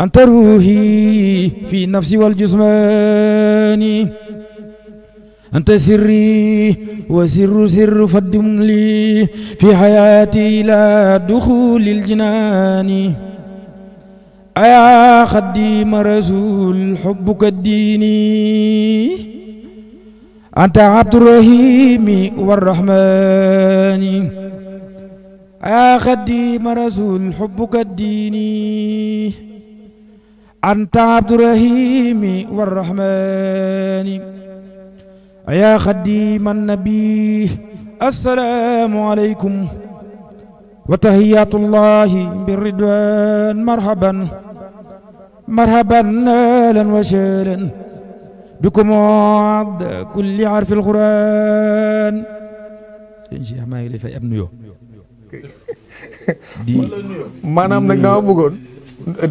أنت روحي في نفسي والجسماني أنت سري وسر سر فدم لي في حياتي لا دخول الجنان أيا خديم رسول حبك الديني أنت عبد الرحيم والرحمن أيا خديم رسول حبك الديني أنت عبد الرحيم والرحمن يا خديم النبي السلام عليكم وتحيات الله بالردوان مرحبا مرحبا نالا وشالا بكم وعد كل عرف القرآن نجي ما يلي في ابن يو دي ما نام نك دا بوغون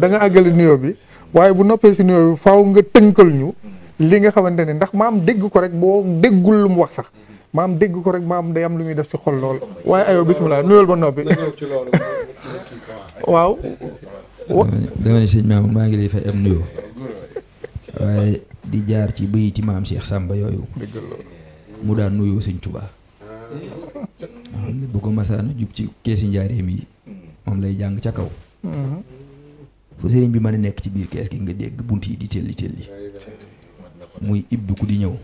دا nga agali nuyo waaye bu noppee si nuyoo bi nga tënkal ñu li nga xamante ne ndax maam dégg ko rek boo déggul lu mu wax sax maam dégg ko rek maam day am lu muy def si xol lool waaye aywa bisimilah nuyoo ba noppi. waaw. dama ne sëñ maam maa ngi lay fay am nuyoo waaye di jaar ci bëy ci maam Cheikh sàmba yooyu. mu daan nuyoo sëñ Tuubaa. bu ko masaana jub ci keesi njaareem yi moom lay jàng ca kaw. Mm-hmm. fa sëriñ bi mën a nekk ci biir kees gi nga dégg bunt yi di telli telli muy ibdu ku di ñëw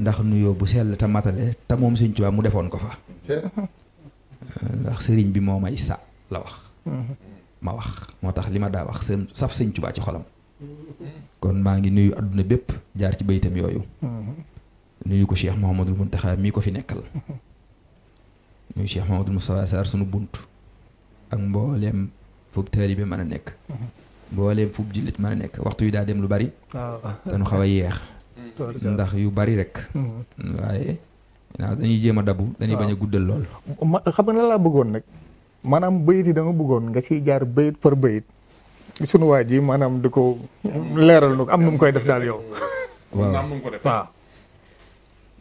ndax nuyoo bu sell te matale te moom sëñ Tuubaa mu defoon ko fa ndax sëriñ bi moo may sa la wax ma wax moo tax li ma daa wax seen saf sëñ Tuubaa ci xolam kon maa ngi nuyu àdduna bépp jaar ci bayitam yooyu nuyu ko Cheikh Mouhamadul Muntaxa mi ko fi nekkal nuyu Cheikh Mouhamadul Moustapha Sarr sunu bunt ak mbooleem foofu taalibe mën a nekk mbooleem foofu jullit mën a nekk waxtu yi daa dem lu bari ah. dañu xaw a yeex ndax yu bari rek mm-hmm. waaye dañuy jéem a dabu dañuy bañ a guddal lool xam nga laa bëggoon nag maanaam bayit yi dama bëggoon nga siy jaar bayit par bayit sunu waa ji maanaam di ko leeral nu am nu mu koy def daal yow waaw waaw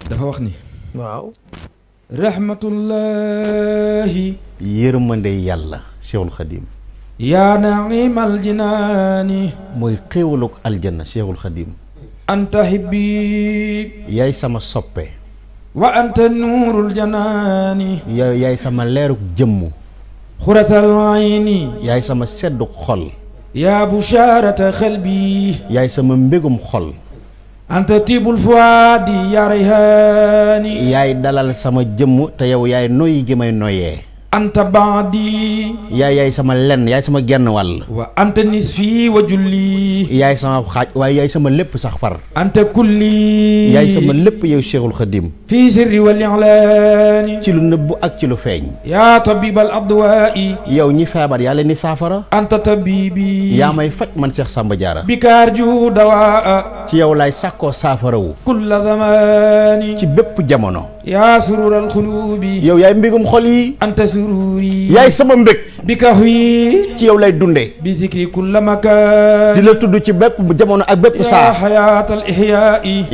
dafa wax ni waaw rahmatullahi yërmande yàlla Cheikhul Khadim yaa na aljinaani mooy xéewalug aljanna Cheikhul Xadim anta hibbi yaay sama soppe wa anta nuurul janaani yaay sama leerug jëmm xuratal ayni yaay sama seddug xol yaa bushaarata bi yaay sama mbégum xol anta tiibul fuaadi yaa rayhaani yaay dalal sama jëmm te yow yaay noyyi gi may noyee anta baadi yaay yaay sama lenn yaay sama genn wàll wa anta nisfi wa julli yaay sama xaaj waaye yaay sama lépp sax far anta kulli yaay sama lépp yow cheikhul xadim fii sirri wal i'laani ci lu nëbb ak ci lu feeñ yaa tabibal adwaa'i yow ñi feebar yaa leen di saafara anta tabibi yaa may faj man seex Samba Diarra bikaar ju dawaa ci yow laay sàkkoo saafarawu kulla zamaani ci bépp jamono yaa surural xuluubi yow yaay mbégum xol yi anta sururi yaay sama mbég bi ka ci yow lay dundee bi zikri kulla maka di la tudd ci bépp jamono ak bépp saa yaa xayaatal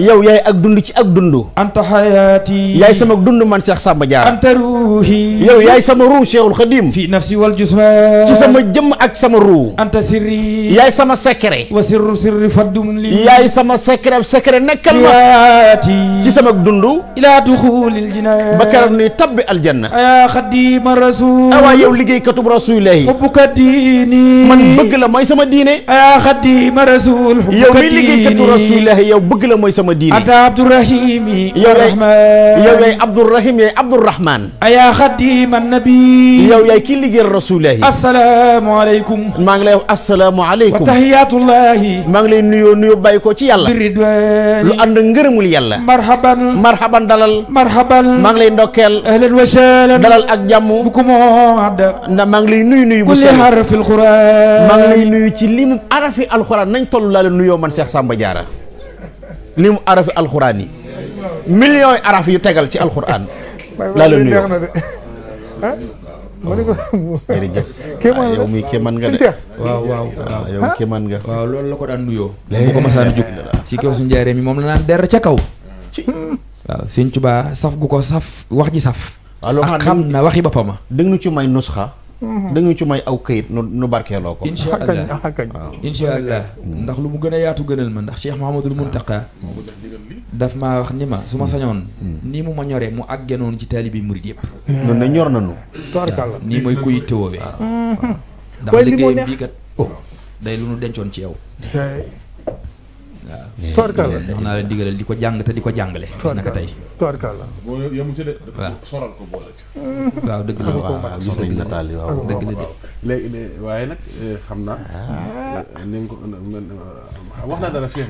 yow yaay ak dund ci ak dund anta xayaati yaay sama dund man Cheikh Samba Diarra anta ruuhi yow sama ruu Cheikhul Xadim fi nafsi wal jusman ci sama jëmm ak sama ruu anta sirri sama secret wa sirru sirri faddum li yaay sama secret secret nag ma ci sama dund ilaa tuxu duxulil jinaan ba keroog nuy tabbi aljanna yaa xadima rasul awaa yow liggéeykatub rasulillahi xubbuka diini man bëgg la mooy sama diine yaa xadima rasul yow mi liggéeykatu rasulillahi yow bëgg la mooy sama diine ata abdourahim yow yow yaay abdourahim yaay abdourahman yaa xadima nabi yow yaay kii liggéeyal rasulillahi asalaamaaleykum maa ngi lay wax asalaamaaleykum wa tahiyatullahi maa ngi lay nuyoo nuyoo bàyyi ko ci yàlla lu ànd ngërëmul yàlla marhaban marhaban dalal marhaban mang lay ndokel ahlan wa sahlan dalal ak jàmm bu ko mood nda maa lay nuyu nuyu bu sell kulli harfi qur'an mang lay nuyu ci limu arafi al qur'an nagn la man Cheikh Samba diara limu arafi al qur'an ni million araf yu tegal ci al Quran. la nuyoo ma ne ko oh. jërëjëf kéemaan kemana? Ah, mii kéemaan nga kemana? waaw waaw waaw ah, yow kéemaan nga waaw loolu la ko daan waaw sëñ Tuubaa saf gu ko saf wax ji saf. ak xam na waxi boppam ma dëgg nu ci may nusxa. Mhm. da nga ci may aw kayit nu nu barkeeloo ko. incha allah ndax lu mu gën a yaatu gënal ma ndax Cheikh Mouhamadul Mountakha. daf ma wax ni ma su ma sañoon. Mm. Mm. nii mu ma ñoree mu àgge noonu ci taalibi murid yëpp. ñun mm. de ñor nañu. waaw nii mooy kuy tëwoowee. Ah. Mm-hmm. ndax liggéeyam bii kat. Oh. day lu nu dencoon ci yow. waaw tubaarkàlla wax naa la digalal di ko jàng te di ko jàngale. gis na ko tey tubaarkàlla. boo yemu ci de. waaw soral ko boole ci. waaw dëgg la waaw gis nañ nataal yi waaw dëgg la de. léegi waaye nag eh, xam naa. Ah. Eh, ni mu ko wax naa dara Cheikh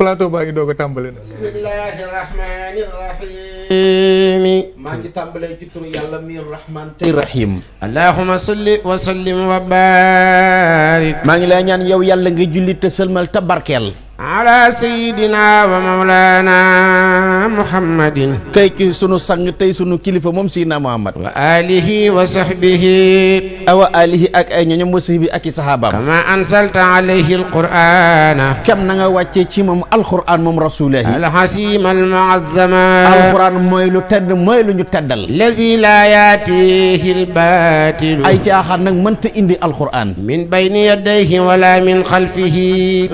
plateau baa ngi doog a tàmbali na bismillahi rahmani rahim maa ngi tàmbalee ci turu yàlla mi rahman te rahim allahuma salli wa sallim maa ngi lay ñaan yow yàlla nga jullit te sëlmal te barkeel ala sayidina wa mawlana muhammadin kay ki sunu sang tey sunu kilifa moom Seydina Muhammad wa alihi wa sahbihi awa alihi ak ay ñoñom wa sahbi ak i sahabaam kama ansalta alayhi alqur'ana kam na nga wàccee ci moom alquran moom rasulahi alxasima almuazzama alquran mooy lu mooy lu ñu teddal lazi la yaatihi albatilu ay caaxaan nag mënta indi alquran min bayni yadayhi wala min xalfihi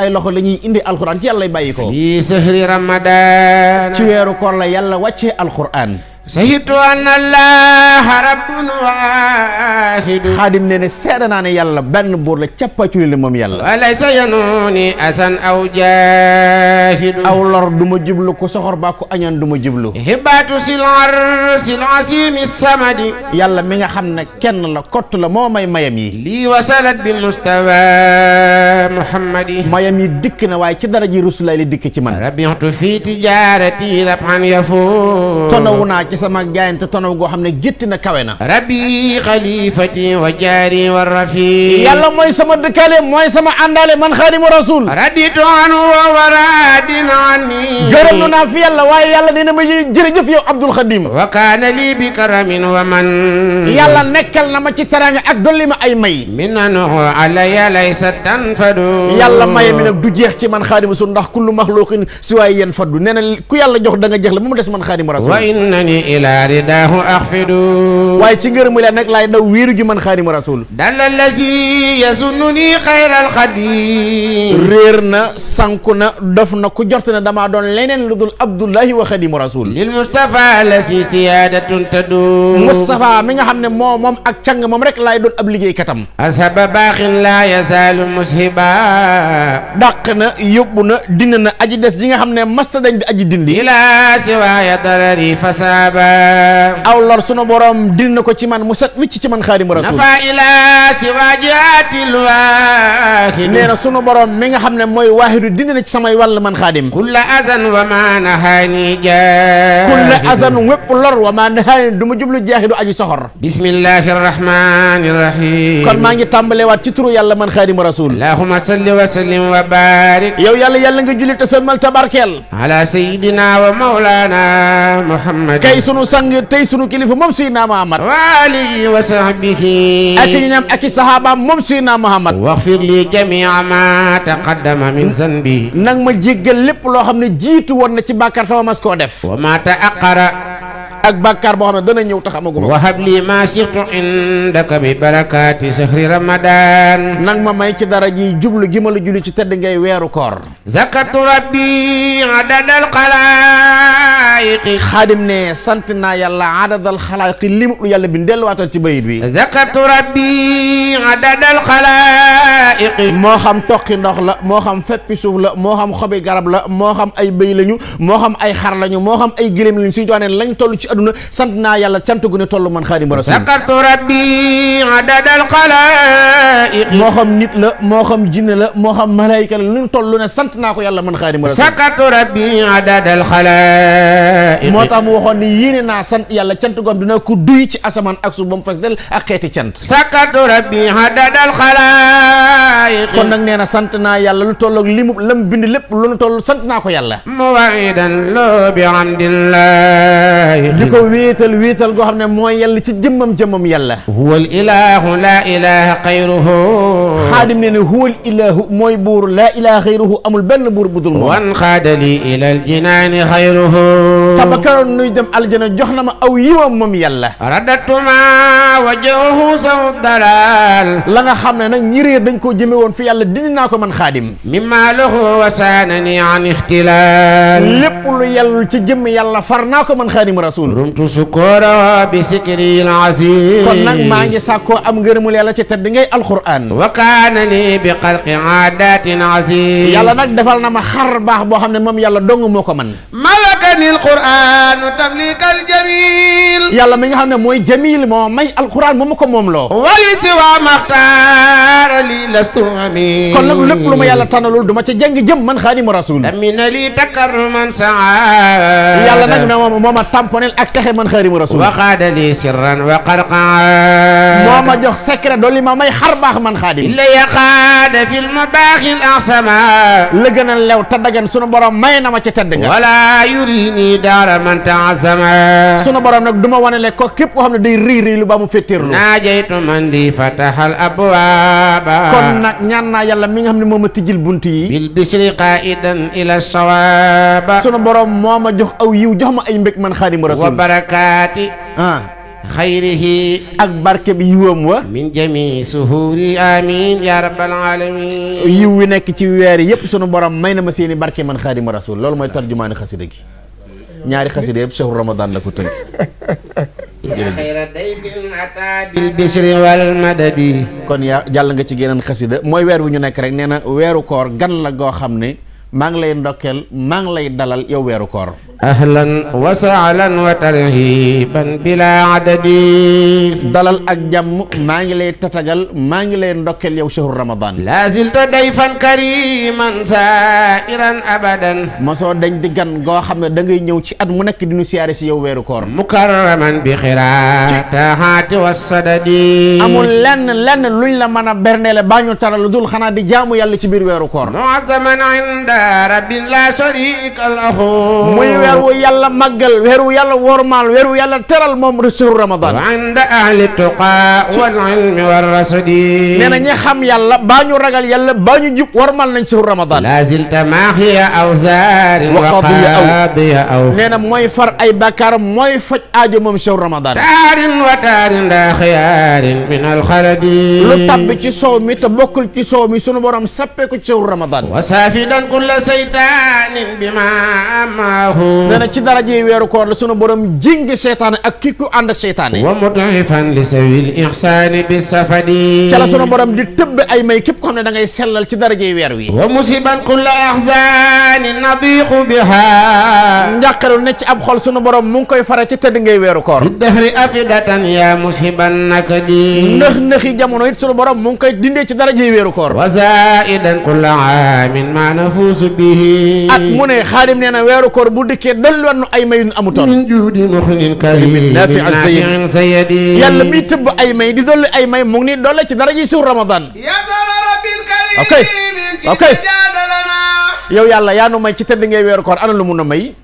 ay loxo la ñuy indi alxuraan ci yàlla lay bàyyi ko. fii sahri ramadan. ci weeru koor la yàlla wàccee alxuraan. sahitu anna Allaha rabbun waahid xaadim nee ne seede naa ne yàlla benn buur la cappaculi la moom yàlla walaysa yanuni asan aw jaahidu aw lor du ma jublu ku soxor baa ku añaan du ma jublu hibaatu silar silasimi samadi yàlla mi nga xam ne kenn la kott la moo may mayam yi lii wasalat bi mustawa muhammadi mayam yi dikk na waaye ci dara ji rusulaay li dikk ci man rabitu fi tijarati rabhan yafu tonawu naa ci sama jaayante tonaw go xamne ne gétti na rabbi khalifati wa jari wa rafi yalla moy sama dekalé moy sama andalé man khadimu rasul raditu an wa radin anni gërëm naa fi yalla way yalla dina ma jërëjëf yow abdul Khadim. wa kana li bi karamin wa man yalla nekkal na ma ci teranga ak dolima ay may minanu alaya laysa tanfadu yalla may min ak du jeex ci man khadimu rasul ndax kullu makhluqin siwaye yen faddu nee ku yalla jox da nga jeex la mu dess man khadimu rasul wa innani ilaa ridaahu axfidu waaye ci ngërëmu la nag laay daw wiiru ji man xaadimu rasul dana lazi yasunnu ni xayral xadim réer na sanku na dof na ku jort na damaa doon leneen lu dul abdullahi wa xaadimu rasul lil mustapha la si siyaadatun tadu mustapha mi nga xam ne moo moom ak càng moom rek laay doon ab liggéey katam ashaba baaxin laa yazaalu mushiba dàq na yóbbu na dina na aji des ji nga xam ne masta dañ bi aji dindi ilaa siwaaya darari fasa sababa aw lor sunu borom dina nako ci man mu set wicc ci man khadim rasul nafa ila siwajatil wahid neena sunu borom mi nga xamne moy wahidu dina ci samay wal man khadim kullu azan wa ma nahani ja kullu azan wep lor wa ma nahani duma jublu jahidu aji sohor bismillahir rahmanir rahim kon ma ngi tambale wat ci turu yalla man khadim rasul allahumma salli wa sallim wa barik yow yalla yalla nga julli te sama tabarkel ala sayyidina wa maulana muhammad kay tey sunu sang tey sunu kilifa moom Seydina Muhammad wa alihi wa sahbihi ak ñam ak sahabaam moom Seydina Muhammad waxfir li jamia ma taqaddama min zanbi nag ma jéggal lépp loo xam ne jiitu woon na ci bàkkaar tama mas koo def wa ma ak bakkar bo xamne dana ñëw taxamaguma wa habli ma siqtu indaka bi barakati sahri ramadan nag ma may ci dara ji jublu gi ma la julli ci tedd ngay wéru koor zakatu rabbi adadal khalaiq khadim ne sant naa yàlla adadal xalaayiqi limu yàlla bi delluwaatoon ci bayit bi zakatu rabbi adadal khalaiq mo xam tokki ndox la mo xam feppi suuf la mo xam xobi garab la mo xam ay bëy lañu mo xam ay xar lañu mo xam ay gilem lañu suñu joxee lañ tollu ci àdduna sant naa yàlla cant gu ne toll man xaadimu rasul sakartu rabbi adadal xalaiq moo xam nit la moo xam jinne la moo xam malayka la lu ñu toll ne sant naa ko yalla man xaadimu rasul sakartu rabbi adadal xalaiq moo tax mu waxoon ni yéene naa sant yàlla cant gu am dina ko duy ci asamaan ak su ba mu fas del ak xeeti cant sakartu rabbi adadal xalaiq na sant naa yàlla lu tolloog li mu lam bind lépp lu ñu toll ko yàlla mu di ko wéetal wéetal goo xam ne moo yàlla ci jëmmam jëmmam yàlla huwa al ilahu laa ilaha xayruhu xaadim ne ne huwa al ilahu mooy buur laa ilaha xayruhu amul benn buur budul moom wan xaadali ila al jinaani xayruhu tabakaroon nuy dem aljana jox na ma aw yiwam moom yàlla radatuma wajahu saw dalal la nga xam ne nag ñi réer dañ koo jëme woon fi yàlla dindi naa ko man xaadim mimma lahu wasaanani an ixtilal lépp lu yàllul ci jëmm yàlla far naa ko man xaadim rasul rumtu sukura bi sikril Konang kon nag maa ngi sàkkoo am ngërëmul yàlla ci tedd ngay alquran wa kaana li bi xalqi aadatin azim yàlla nag defal na ma xar baax boo xam ne moom yàlla dong moo ko man malakani alquran tamlikal jamil Yala mengi ham nemoi jamil mo mai al Quran mo mo ko moom wali siwa maktar li lastu ami. Konang lep lépp lu ma yàlla tànnalul duma ca jàng jëm man mo rasul Amin ali takar man sa. Yala nak nama mo ma tamponel ak texe man xarimu rasul qad li sirran wa qarqaa moo jox secret dolli ma may xar man khadim illa yaqaada fil mabaaxil al asma le a lew ta dagan sunu borom may na ma ci tedd nga wala yurini dara man taasama sunu borom nak duma wanele ko kep ko xamne day ri ri lu ba fetir féttéerlu naajaytu man li fataxal abwaaba kon nak ñaan na yalla mi nga xamne moma moo buntu yi bil bisri qaidan ila sawab sunu borom moma jox aw yiw jox ma ay mbek man khadim rasul wa barakaati xayrihi ah. ak barke bi yiwam wa min jami suhuri amin ya rabbal alamin yiw wi nekk ci weer yëpp sunu borom may na ma seeni barke man xaadima rasul loolu mooy tarjumaani xasida gi ñaari xasida yëpp chahru ramadan la ko tënk xayra kon yaa jàll nga ci geneen xasida mooy weer wu ñu nekk rek nee na weeru koor gan la goo xam ne maa ngi lay ndokkeel maa ngi lay dalal yow weeru koor ahlan wa sahlan wa tarhiban bila adadi dalal ak jàmm maa ngi lay tatagal maa ngi lay ndokkeel yow shahru ramadan la zilta dayfan kariman sairan abadan mosoo dañ di gan goo xam ne da ngay ñëw ci at mu nekk di nu siyaare si yow weeru koor mukarraman bi xiraatahaati wasadadi amul lenn lenn luñ la mën a berneele baa ñu taral dul xanaa di jaamu yàlla ci biir weeru koor muazzaman inda rabbin la sharika lahu ويرو يلا مقل ويرو يلا ورمال ويرو يلا ترى الموم رسول رمضان عند أهل التقاء والعلم والرسد نانا نخم يلا بانيو رقل يلا بانيو جب ورمال نشهر رمضان لازلت ما هي أوزار وقاضي أو نانا موي فر أي بكار موي آج موم شهر رمضان تار وتار لا خيار من الخلد لطب تسومي تبكل تسومي سنبورم سبكو شهر رمضان وسافدا كل سيطان بما أماه nana ci daraje yi weeru koor la sunu borom jingi setan, ak kiku and ak seytaane wa mutarifan li sawil ihsan bi safadi ci la sunu borom di teub ay may kep ko xam da ngay selal ci daraje yi wi wa musiban kulla ahzan nadiq biha ndakaru ne ci ab xol sunu borom mu ngoy fara ci tëdd ngay wéru koor dahri afidatan ya musiban nakadi ndax nëxi jamono it sunu borom mu ngoy dindé ci daraje yi koor wa zaidan kulla amin ma nafus bihi at mu ne xaadim nee koor bu dikkee fekkee dolliwaat nu ay may yu amutoon. min juudi muxnin karimin naafi'an sayyid yàlla miy tëbb ay may di dolli ay may mu ngi nii dolle ci dara ji suur Ramadan. ok ok yow yàlla yaa nu may ci tëdd ngay weeru koor ana lu mun a may.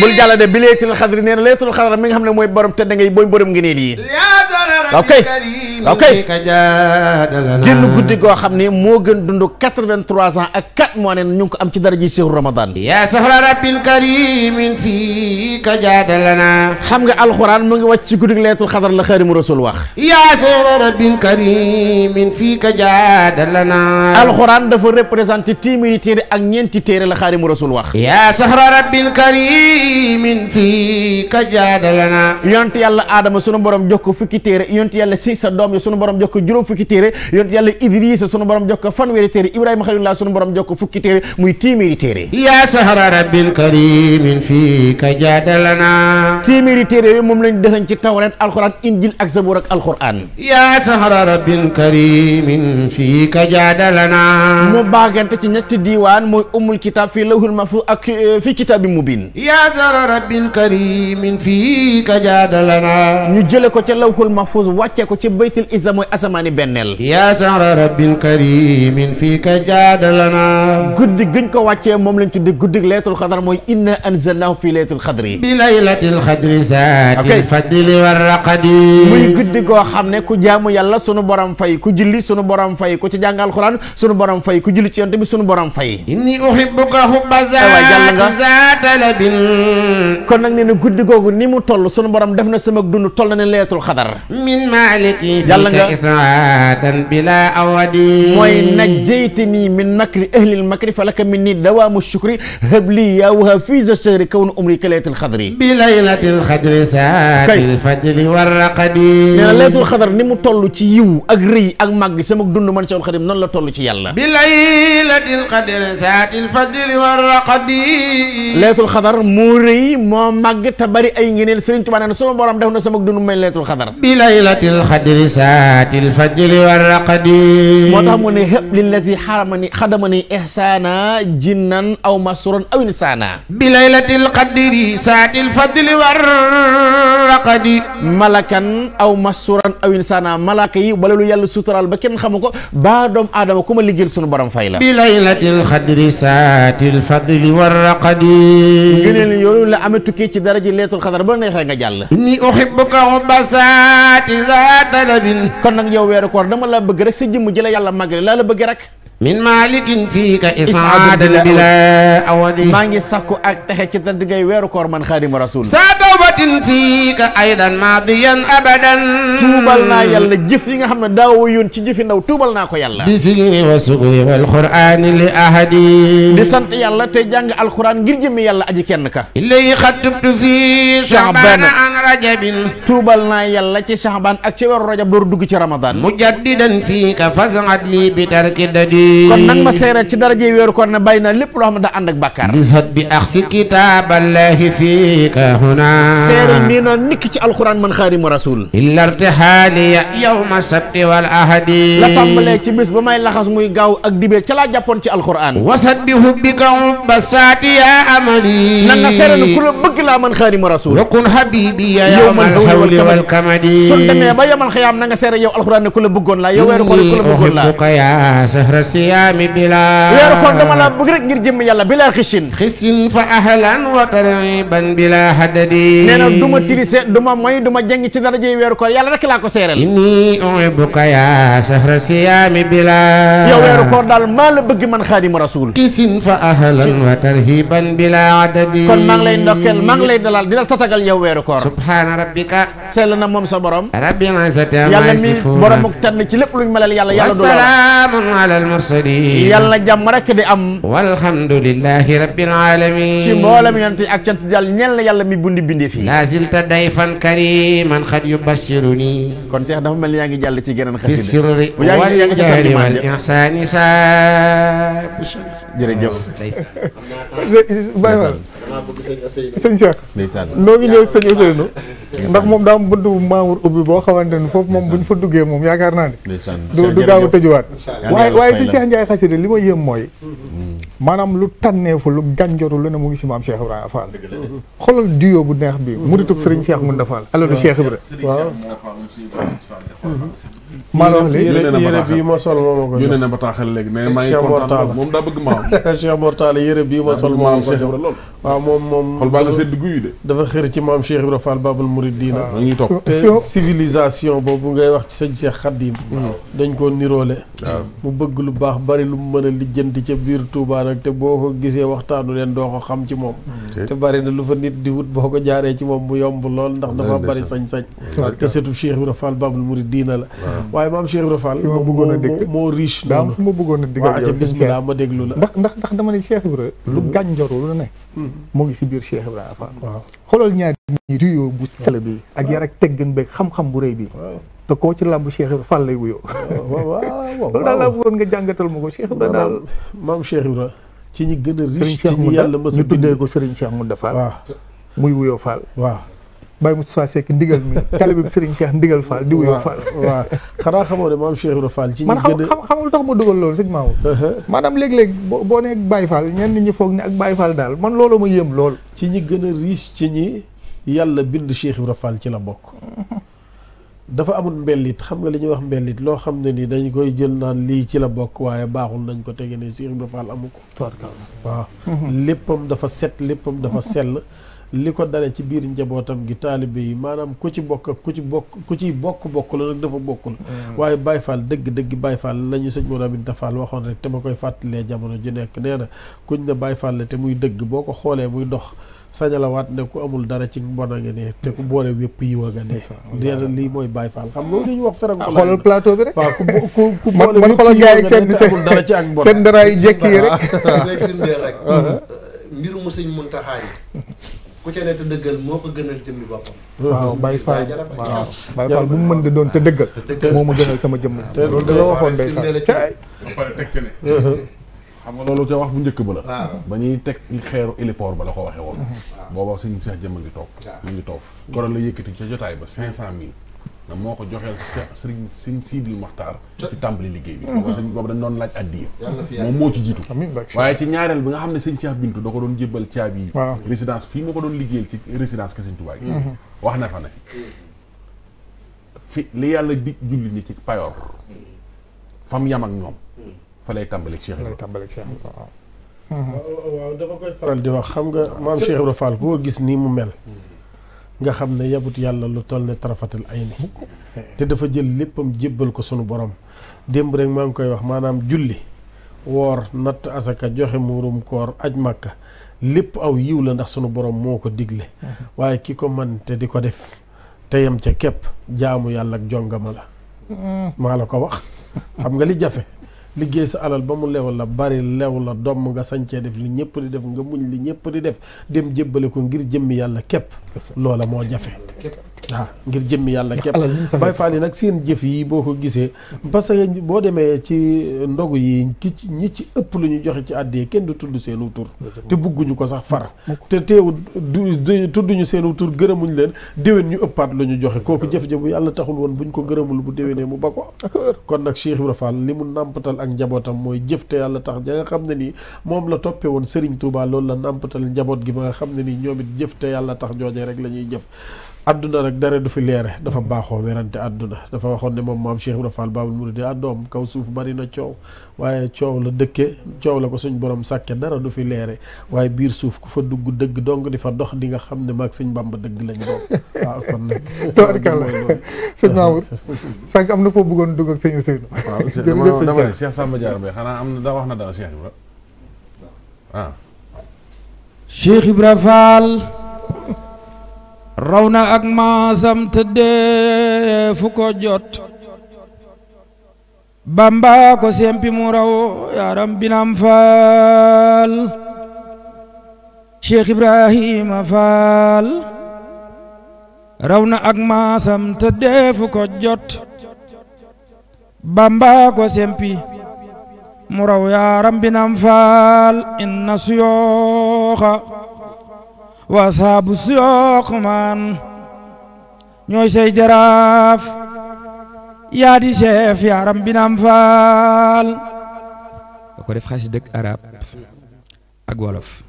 bul jàll de bi laylatil xadri nee na laylatul xadri mi nga xam ne mooy borom tëdd ngay booy borom ngeen lii. waaw kay waaw kay génn guddi goo xam ne moo gën dund quatre-vingt-trois ans ak quatre mois ne ñu ngi ko am ci daraji sehru ramadan ya sahra rabbil karim fi ka jaadalana xam nga alxuraan mu ngi wàcc ci guddi laylatul xadar la xaadimu rasul wax ya sahra rabbil fi ka jaadalana alxuraan dafa représenté téeméeri téere ak ñeenti téere la xaadimu rasul wax ya sahra rabbil karim fi ka jaadalana yonent yàlla aadama sunu borom jox ko fukki yonent yàlla si sa doom yi sunu borom jox ko juróom fukki téere yonent yàlla idrisa sunu borom jox ko fanweeri téere ibrahima xalilullah sunu borom jox ko fukki téere muy téeméeri téere ya sahara rabbil karim fi ka jaadalana téeméeri téere yooyu moom lañ dëxañ ci tawret alquran injil ak zabur ak alquran diiwaan mooy umul kitab fii lawhul mahfuz ak fii mubin ya sahara rabbil karim fi ka ñu jële ko ca lawhul mahfuz wàccee ko ci baytil izza mooy asamaani benneel yaa sahra rabbil karimin fii ka jaadalana guddi gëñ ko wàccee moom lañ tuddi guddig laylatul xadar mooy inna anzalnahu fii laylatul xadri bi laylatil xadri saatil fadli warraqadi muy guddi goo xam ne ku jaamu yàlla sunu borom fay ku julli sunu borom fay ku ci jàngal xuraan sunu borom fay ku julli ci yonte bi sunu borom fay inni uhibbuka hubba zaatalabin kon nag nee na guddi googu ni mu toll sunu borom def na sama dund toll na ne laylatul xadar من مالك فيك إسعادا بلا أودي موي نجيتني من مكر أهل المكر فلك مني دوام الشكر هب لي يا وهب الشهر كون أمري كليلة الخضر بليلة الخضر ساد نعم، الفجر والرقد ليلة الخضر نمو تولو تي يو أجري أك سمك دون من شاء الخدم نلا لا تي يالا بليلة الخضر ساد الفجر والرقدي ليلة الخضر موري مو ماغ تبري أي نيل سيرن تبعنا سما بورام دهنا سمك دون من ليلة الخضر بليلة laylatil xadri saatil fajri warraqadi moo tax mu ne xëpp lillazi xaramani xadamani ihsaana jinnan aw masuran aw insaana bi laylatil xadri saatil fajri warraqadi malakan aw masuran aw insaana malaka yi wala lu yàlla suturaal ba kenn xamu ko baa doom aadama ku ma liggéeyal sunu borom fay la bi laylatil xadri saatil fajri warraqadi gëneel yoolu la ame tukkee ci daraji leetul xadar ba neexee nga jàll ni uhibbuka basat bi za talabin kon nag yow weeru koor dama la bëgg rek sa jëmm ji la yàlla màggale laa la bëgg rek min malikin fii ka isaadan bila awadi maa ngi sakku ak texe ci tëdd gay weeru koor man xaadimu rasul sa tawbatin fii ka aydan maadiyan abadan tuubal naa yàlla jëf yi nga xam ne daawoo yoon ci jëfi ndaw tuubal naa ko yàlla bi sigi wa subuhi wal qur'ani li ahadi di sant yàlla tey jàng alquran ngir jëmmi yàlla aji kenn ka ilay xatubtu fii chaabana an rajabin tuubal naa yàlla ci chaaban ak ci weeru rajab door dugg ci ramadan mujaddidan fii ka fasaat lii bi tarki dadi kon nag ma seere ci daraje weeru koor ne bàyyi naa lépp loo xam ne daa ak bàkkaar disat bi axsi kitaaballahi fiika huna seere mii naa nikk ci alquran man xaadimu rasul illa irtihaaliya yawma sabti wal ahadi la tàmbalee ci bis ba may laxas muy gaaw ak dibee ca laa jàppoon ci alquran wasat bi hubbika basati ya amali nan na seere ne ku la bëgg laa man xaadimu rasul wa kun habibiya yawma alhawli wal kamadi sun demee ba yamal xiyaam nga seere yow alquran ne ku la bëggoon laa yow weeru koor la bëggoon laa alqiyaami bilaa ya, weeru koor dama la bëgg rek ngir jëmm yàlla bilaa xisin xisin fa ahlan wa tariban bilaa hadadi nee na du ma tirise du ma moy du ma jeng ci darajey ya weeru koor yàlla rek laa ko seeral inni uhibuka ya sahra siyaami bilaa ya, yow weeru koor daal maa la bëgg man xaadimu rasul xisin fa ahlan wa tarhiban bilaa adadi kon maa ngi lay ndokkeel maa ngi lay dalal di la tatagal yow weeru koor subhaana rabbika sell na moom sa borom rabbil izzati yàlla mi borom ak tànn ci lépp luñ melal yàlla yàlla du mursalin yàlla na jàmm rek di am walhamdulillahi rabbil alamin ci mboolem yonent ak cant jàll ñeel na yàlla mi bundi bindee fii la zilta dayfan kariman xad yubashiruni kon Cheikh dafa mel ni yaa ngi jàll ci geneen xasida fi sirri wal jahri wal ihsani sa jërëjëf sëñ Cheikh noo ngi ñëw sëñ Ousseynou ndax moom daa am bunt bu Mamour ubbi boo xawante ne foofu moom bu ñu fa duggee moom yaakaar naa ne du gaaw a tëjuwaat waaye waaye sëñ Cheikh Ndiaye xasida li ma yëm mooy mm. maanaam lu tànneefu lu gànjoru lu ne mu ngi si maam Cheikh Ibrahima Fall xoolal duo bu neex bi muritub sëriñ Cheikh Mounda Fall alalu Cheikh Ibrahima maa la wax sol moo ma ko jox yónnee na bataaxal mais maa ngi kontaan moom daa bëgg maam Cheikh Mortala yére bii ma sol moo ma ko moom moom xol baa nga sedd guyu de dafa xër ci maam Cheikh Ibra Fall Babul Mouridina ma ngi te civilisation boobu ngay wax ci sëñ Cheikh Khadim dañ koo niroole waaw mu bëgg lu baax bari lu mu mën a lijjanti ca biir Touba nag te boo ko gisee waxtaanu leen doo ko xam ci moom hmm. te bari na lu fa nit di wut boo ko jaaree ci moom mu yomb lool ndax dafa bari sañ-sañ te surtout Cheikh Ibra Fall Babul Mouridina la waaye maam Cheikh Ibra Fall ma bëggoon a dégg moo riche noonu fu ma bëggoon a dégg ma déglu la ndax ndax ndax dama ne Cheikh Ibra lu hmm. gànjaru lu ne moo hmm. ngi si biir Cheikh Ibra Fall waaw xoolal ñaari ñi ruyoo bu sell bi ak yar ak teggin beeg xam-xam bu rëy bi te koo ci làmb Cheikh Ibra Fall lay wuyoo waaw loolu daal nga jàngatal ma ko Cheikh Ibra daal maam ci ñi gën a riche yàlla mës a tuddee ko Serigne Cheikh Mounda Fall muy wuyoo Fall waaw Baye Moustapha Seck ndigal mi talibib Serigne Cheikh ndigal Fall di wuyoo Fall. waaw xanaa xamoo ne maam Cheikh Ibra Fall. ci ñu a man xam lu ma dugal loolu sëñ uh-huh. maanaam léeg-léeg boo boo nee Baye Fall ñenn ñi foog ak Baye Fall daal man loolu ma yéem lool. ci ñi gën a riis ci ñi yàlla bind Cheikh Ibra ci la bokk. dafa amul mbellit xam nga li ñuy wax mbellit loo xam ne nii dañ koy jël naan lii ci la bokk waaye baaxul nañ ko tege ne Cheikh Ibra Fall amu ko. waaw mm-hmm. léppam dafa set léppam dafa sell. li ko dale ci biir njabootam gi taalibe yi maanaam ku ci bokk ak ku ci bokk ku ciy bokk bokk la nag dafa bokkul mm. waaye Baye Fall dëgg dëgg Baye Fall la ñu sëñ Maodo Aminta waxoon rek te ma koy jamono ju nekk nee na kuñ ne te muy dëgg boo ko xoolee muy dox sañalawaat ne ku amul dara ci mbon a nga ne te ku boole wépp yi wa nga lii mooy Baye Fall xam nga ñu wax feram ko xoolal plateau bi rek waaw ku ku ku boole ci ak mbon seen dara yi jekk yi rek day firndeel rek mbir mu sëñ Muntaxa ku ca ne moo ko gënal jëmmi boppam. waaw Baye Fall waaw Baye Fall bu mu mën di doon te dëggal. moo ma gënal sama jëmm. te loolu da la waxoon day sax ba pare xam nga loolu ca wax bu njëkk ba la. ba ñuy teg xeeru héliport ba la ko waxee woon. Mm-hmm. booba suñu seex jëmm ngi toog. mu ngi toog. koral la yëkkati ca jotaay ba cinq cent mill na moo ko joxeel sëriñ sëriñ Siidil ci tàmbali liggéey bi mhm. boobu sëñ boobu dañ doon laaj addiya moom moo ci jiitu waaye ci ñaareel bi nga xam ne sëñ Cheikh Bintu da ko doon jébbal caabi résidence fii moo ko doon liggéeyal ci résidence ke sëñ Tuubaa gi mhm. wax na fa ne fi li yàlla dig julli ñi ci payoor fam yam ak ñoom fa lay tàmbali Cheikh waaw dama koy faral xam nga maam Cheikh Ibra Fall koo gis nii mu mel mhm. nga xam ne yabut yàlla lu toll ne tarafatal ay ni te dafa jël léppam jébbal ko sunu borom démb rek maa ngi koy wax maanaam julli woor natt asaka joxe mu muurum koor aj màkka lépp aw yiw la ndax sunu borom moo ko digle waaye ki ko man te di ko def te yem ca képp jaamu yàlla ak jongama la mm-hmm. maa la ko wax xam nga li jafe liggéey sa alal ba mu lew la bari lew la doom nga sañcee def li ñëpp di def nga muñ li ñëpp di def dem jébbale ko ngir jëmmi yàlla képp loola moo jafe waaw ah, ngir jëmmi yàlla képp Baay Faal yi nag seen jëf yi boo ko gisee parce que boo demee ci ndogu yi ki ñi ci ëpp lu ñu joxe ci àddee kenn du tudd seenu tur te bugguñu ko sax far te teewul du tudduñu seenu tur gërëmuñ leen déwén ñu ëppaat lu ñu joxe kooku jëf ja bu yàlla taxul woon buñ ko gërëmul bu déwénee mu ba ko kon nag mu nàmpatal ak njabootam mooy jëf te yàlla tax ja nga xam ne nii moom la toppe woon Serigne Touba loolu la nàmpatal njaboot gi ba nga xam ne nii ñoom it jëf te yàlla tax jooje rek lañuy ñuy jëf adduna nag dara du fi leere dafa baaxoo werante adduna dafa waxoon ne moom maam Cheikh Ibra Fall Baabul Muriid addoom ah, kaw suuf bari na coow waaye coow la dëkke coow la ko suñ borom sàkke dara du fi leere waaye biir suuf ku fa dugg dëgg dong di fa dox di nga xam ne maag suñ Bamba dëgg lañ doon waaw ah, kon nag tabarkalla sëñ Mamour am na foo bëggoon dugg ak sëñ Ousseynou waaw Samba Diarra xanaa am na da wax na dara Cheikh Ibra ah Cheikh Ibra Fall raw na ak maasam tëddee fu ko jot bamba sempi mu raw yaaram binam faal cheikh ibrahima faal raw na ak maasam tëddee fu ko jot bamba sempi mu raw yaaram binam faal inna suyooxa waa saabu siyookumaan ñooy say jaraaf yaa di chef yaaram binaam faal ko def xasi dëkk arab ak wolof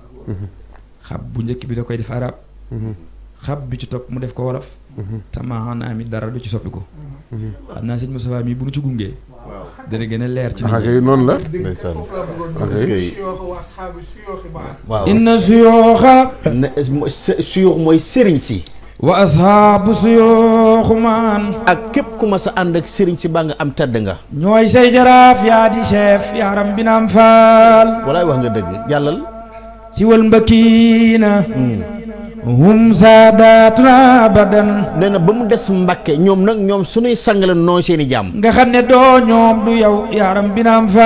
xab bu njëkk bi da koy def arab xab bi ci topp mu def ko wolof mhm. te maanaam dara du ci soppiku mhm. xam naa sëñ Moustapha mi bu nu ci gunge dana gën a leer ci noonu la waaw inna suyooxa suyoox mooy sëriñ si wa ashaabu suyooxu maan ak képp ku ma sa ànd ak sëriñ si baa nga am tedd nga ñooy say jaraaf yaa di chef yaaram bi naam faal walaay wax nga dëgg jàllal si mbëkkiina hmm. hum saadaatuna abadan nee na ba mu des Mbàkke ñoom nag ñoom suñuy sang la nooy seen i nga xam ne doo ñoom du yow yaaram bi binaam fa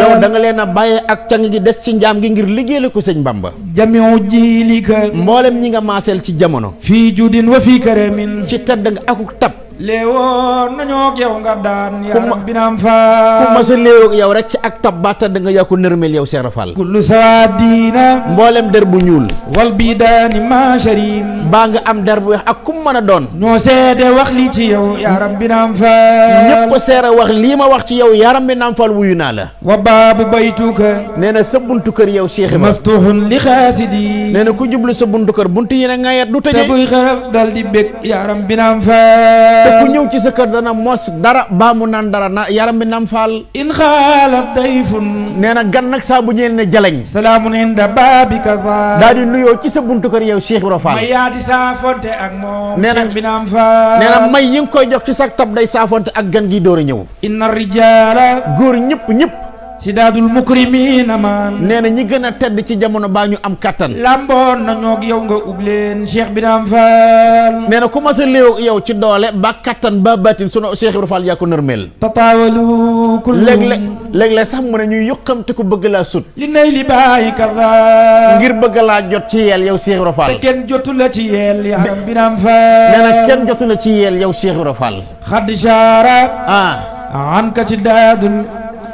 yow da nga leen a bàyyee ak cang gi des ci njaam gi ngir liggéeyal ko sëñ ji jamiu jiilika mboolem ñi nga maaseel ci jamono fii judin wa fii karamin ci tedd nga akuk tab léewoon nañoo ak yow nga daan. yaa bi naam sa léewoo ak yow rek ci ak tabbata da nga yaa ko nërmeel yow Seera Fall. kullu saa diina. mboolem der bu ñuul. wal bii daani maasharim. baa nga am der bu weex ak kum mën a doon. ñoo seede wax lii ci yow. yaaram bi naam faal. ñëpp seera wax lii ma wax ci yow yaaram bi naam faal wuyu naa la. wa baabu baytuka. nee na sa buntu kër yow Cheikh Ibrahima. maftuhun li xaasidi. nee na ku jublu sa buntu kër buntu yi ne ngayat du tëjee. te buy di bég yaaram bi naam ku ñëw ci sa kër dana mos dara baa mu naan dara na yaram bi nam faal in xaalat dayfun nee na gan nag saa bu ñeen ne jaleñ salaamun inda baabika daal di nuyoo ci sa buntu kër yow Cheikh Ibra Fall may yaa di saafonte ak moom nee na bi naam faal nee na may yi nga koy jox ci sa tab day saafonte ak gan gi door a ñëw inna rijaala góor ñëpp ñëpp sidaadul mukrimiina maan nee na ñi gën a tedd ci jamono baa ñu am kattan lamboon na ñoog yow nga ub leen Cheikh Birame Fall na ku ma sa léew yow ci doole ba kattan ba baatin sunu Cheikh Ibrahima Fall yaa ko nërmeel tataawalu kullu léeg-léeg léeg-léeg sax mu ne ñuy yokkamte ku bëgg laa sut li nay li ka kaza ngir bëgg laa jot ci yeel yow Cheikh Ibrahima Fall kenn jotu la ci yeel yaa Birame Fall nee na kenn jotu la ci yeel yow Cheikh Ibrahima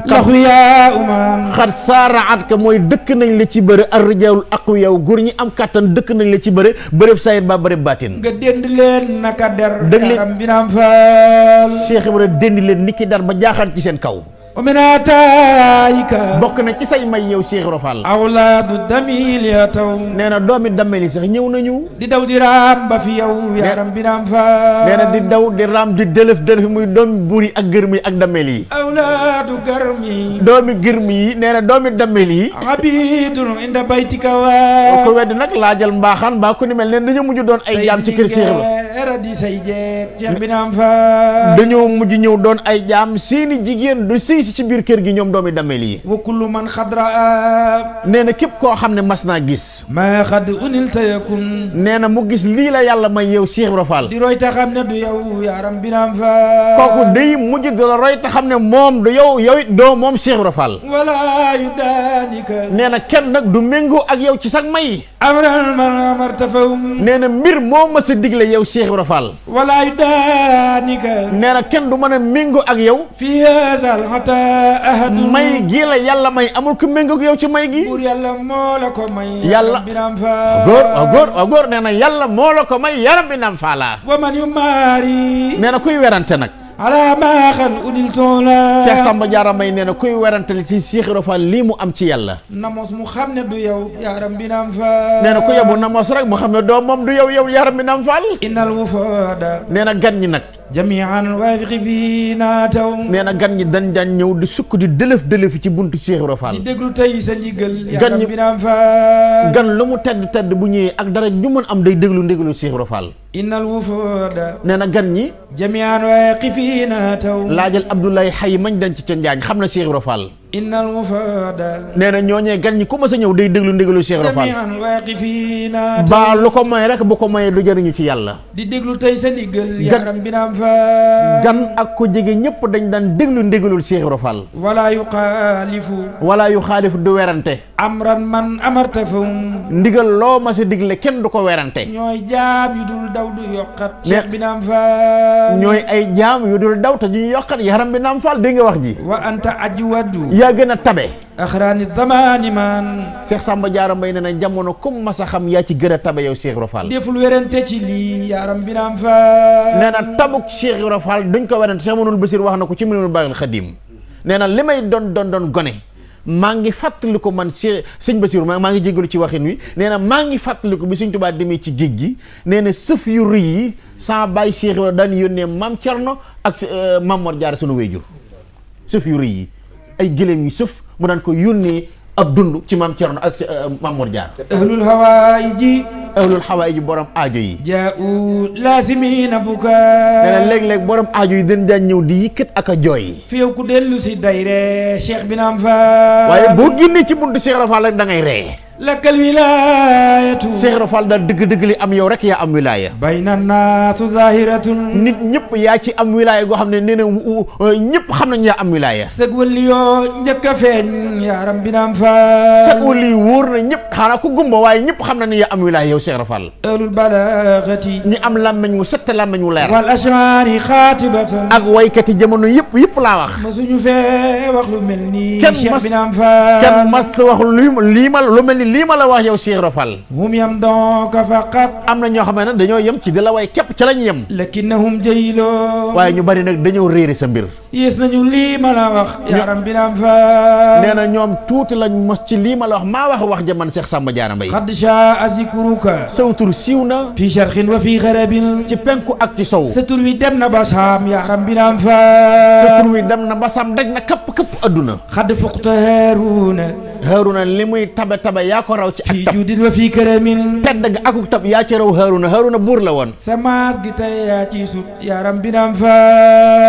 xar saaraat ka mooy dëkk nañ la ci bëre arrijaalul aqwiyaa góor ñi am kàttan dëkk nañ la ci bëre bërëb sayit ba bërëb baatin nga dénd leen naka der dëgg leen bi naam faal Cheikh Ibrahima dénd leen niki dar ba jaaxaan ci seen kaw ominatayika bokk na ci say may yow Cheikh Rofal awlaadu damil ya taw nee na doomi damel yi sax ñëw nañu di daw di raam ba fi yow yaaram bi naam fa di daw di raam di dëlëf dëlëf muy doom buur yi ak gërëm yi ak damel yi awlaadu gërëm yi doomi gërëm yi nee na doomi damel yi abidun inda baytika wa ko wedd nag laajal mbaaxaan baa ku ni mel neen dañu mujj doon ay jaam ci kër Cheikh dañoo mujj ñëw doon ay jaam seeni jigéen du sëy si ci biir kër gi ñoom doomi damel yi wa kullu man xadra nee na képp koo xam ne mas naa gis ma xad unil tayakun nee na mu gis lii la yàlla may yow Cheikh Ibra di roy ta xam ne du yow bi binaam fa kooku day mujj di la xam ne moom du yow yow it doo moom Cheikh Ibra Fall yu daanika nee kenn du méngoo ak yow ci sax may amral man amartafahum nee na mbir moo ma sa digle yow Cheikh Ibra Fall walaay daanika nee na kenn du mën a méngoo ak yow fii hasal may gii la yàlla may amul ku méngoo ak yow ci may gi buur yàlla ko may yàlla biram fa góor waaw góor waaw góor nee na yàlla moo ko may yaram bi naam faala wa man yu maari nee na kuy werante nag ala maaxan udil toola Cheikh Samba Diarra Mbaye nee na kuy werantali ci Cheikh Ibra Fall lii mu am ci yàlla namos mu xam ne du yow yaaram bi naam faal nee na ku yebu namos rek mu xam ne doo moom du yow yow yaaram bi naam faal innal wufaada nee na gan ñi nag jamian waafiqi fii naa taw nee na gan ñi dañ daan ñëw di sukk di dëlëf dëlëf ci buntu Cheikh Ibra Fall di déglu tey sa njigal yaaram bi naam faal gan lu mu tedd tedd bu ñëwee ak dara ñu mën am day déglu ndéglu Cheikh Ibra Fall innal wufaada nee na gan ñi jamian waafiqi laajal Abdoulaye Xay mañ denc ca Njaañ xam na Cheikh Ibra Fall innal mufaada nee na ñooñee gan ñi ku mës a ñëw day déglu ndigalu Cheikh Ibra Fall ba lu ko may rek bu ko mayee du jëriñu ci yàlla di déglu tey sa ndigal yaram bi naam fa gan ak ko jege ñëpp dañ daan déglu ndigalul Cheikh Ibra Fall walaa yu xaalifu walaa yu xaalifu du werante amran man amarta fam ndigal loo ma sa digle kenn du ko werante ñooy jaam yu dul daw du yokkat Cheikh bi naam Fall ñooy ay jaam yu dul daw te du ñu yokkat yaram bi naam Fall dégg wax ji wa anta ajwadu yaa gën a tabe. axraani zamaani man. Cheikh Samba Diarra Mbaye nee na jamono comme sa xam yaa ci gën a tabe yow Cheikh Ibra lii yaaram bi naam fa. nee na tabuk Cheikh Ibra ko werante Cheikh Manoul Basir wax na ko ci Minanul Baaqil Xadim nee na li may doon doon doon gone. maa ngi fàttaliku man Cheikh sëñ Basiru maa maa ngi jégalu ci waxin wi nee na maa ngi fàttaliku bi sëñ Tuubaa demee ci géej gi nee na sëf yu rëy yi sama baay Cheikh Ibra daan yónnee maam Cerno ak eh, maam Mor Jaara sunu wéyjur yu rëy yi ay gëléem yu sëf mu daan ko yónnee ab dund ci maam Cerno ak euh, maam Mor Jaara ahlul hawaay ji ahlul borom aajo yi jaau laasimina buka nee na léeg-léeg borom aajo yi dañ daan ñëw di yëkkat ak a jooy yi fi yow ku dellu si day ree cheikh bi naam fa waaye boo génnee ci buntu Cheikh Rafal rek da ngay ree lakkal wilaayatu. Seex Fall daal dëgg-dëgg li am yow rek yaa am wilaaya. bayna naasu zaahiratun. nit ñëpp yaa ci am wilaaya goo xam ne nee na euh, ñëpp xam nañ yaa am wilaaya. sëg wali yoo njëkk a feeñ. yaaram bi naam faal. sëg wali wóor na ñëpp xanaa ku gumba waaye ñëpp xam na ne yaa am wilaaya yow Seex Fall. ahlul balaaxati. ñi am làmmeñ wu sett làmmeñ wu leer. wal ashmaari xaatibatan. ak waykati jamono yëpp yëpp laa wax. masuñu fee wax limal lu ni lii ma la wax yow Cheikh Ibra Fall hum yam donc faqat am na ñoo xam ne dañoo yem ci di la way képp ca lañ yem lakinnahum jayloo waaye ñu bari nag dañoo réere sa mbir yées nañu lii wax yaaram bi naam fa nee na ñoom tuuti lañ mos ci lii ma la wax ma wax wax ja man Cheikh Samba Diarra Mbaye xad jaa zikruka saw tur siiw na fii charqin wa fii xarabin ci penku ak ci sow sa tur wi dem na ba saam yaaram bi naam fa sa tur wi na ba saam daj na kapp kapp adduna xad fuqta haaruna yaa ko raw ci ak tab juddit wa fii këramin tedd ga akuk tab yaa ci raw Haruna Haruna buur la woon sa maas gi tey yaa ci sut yaram bi naam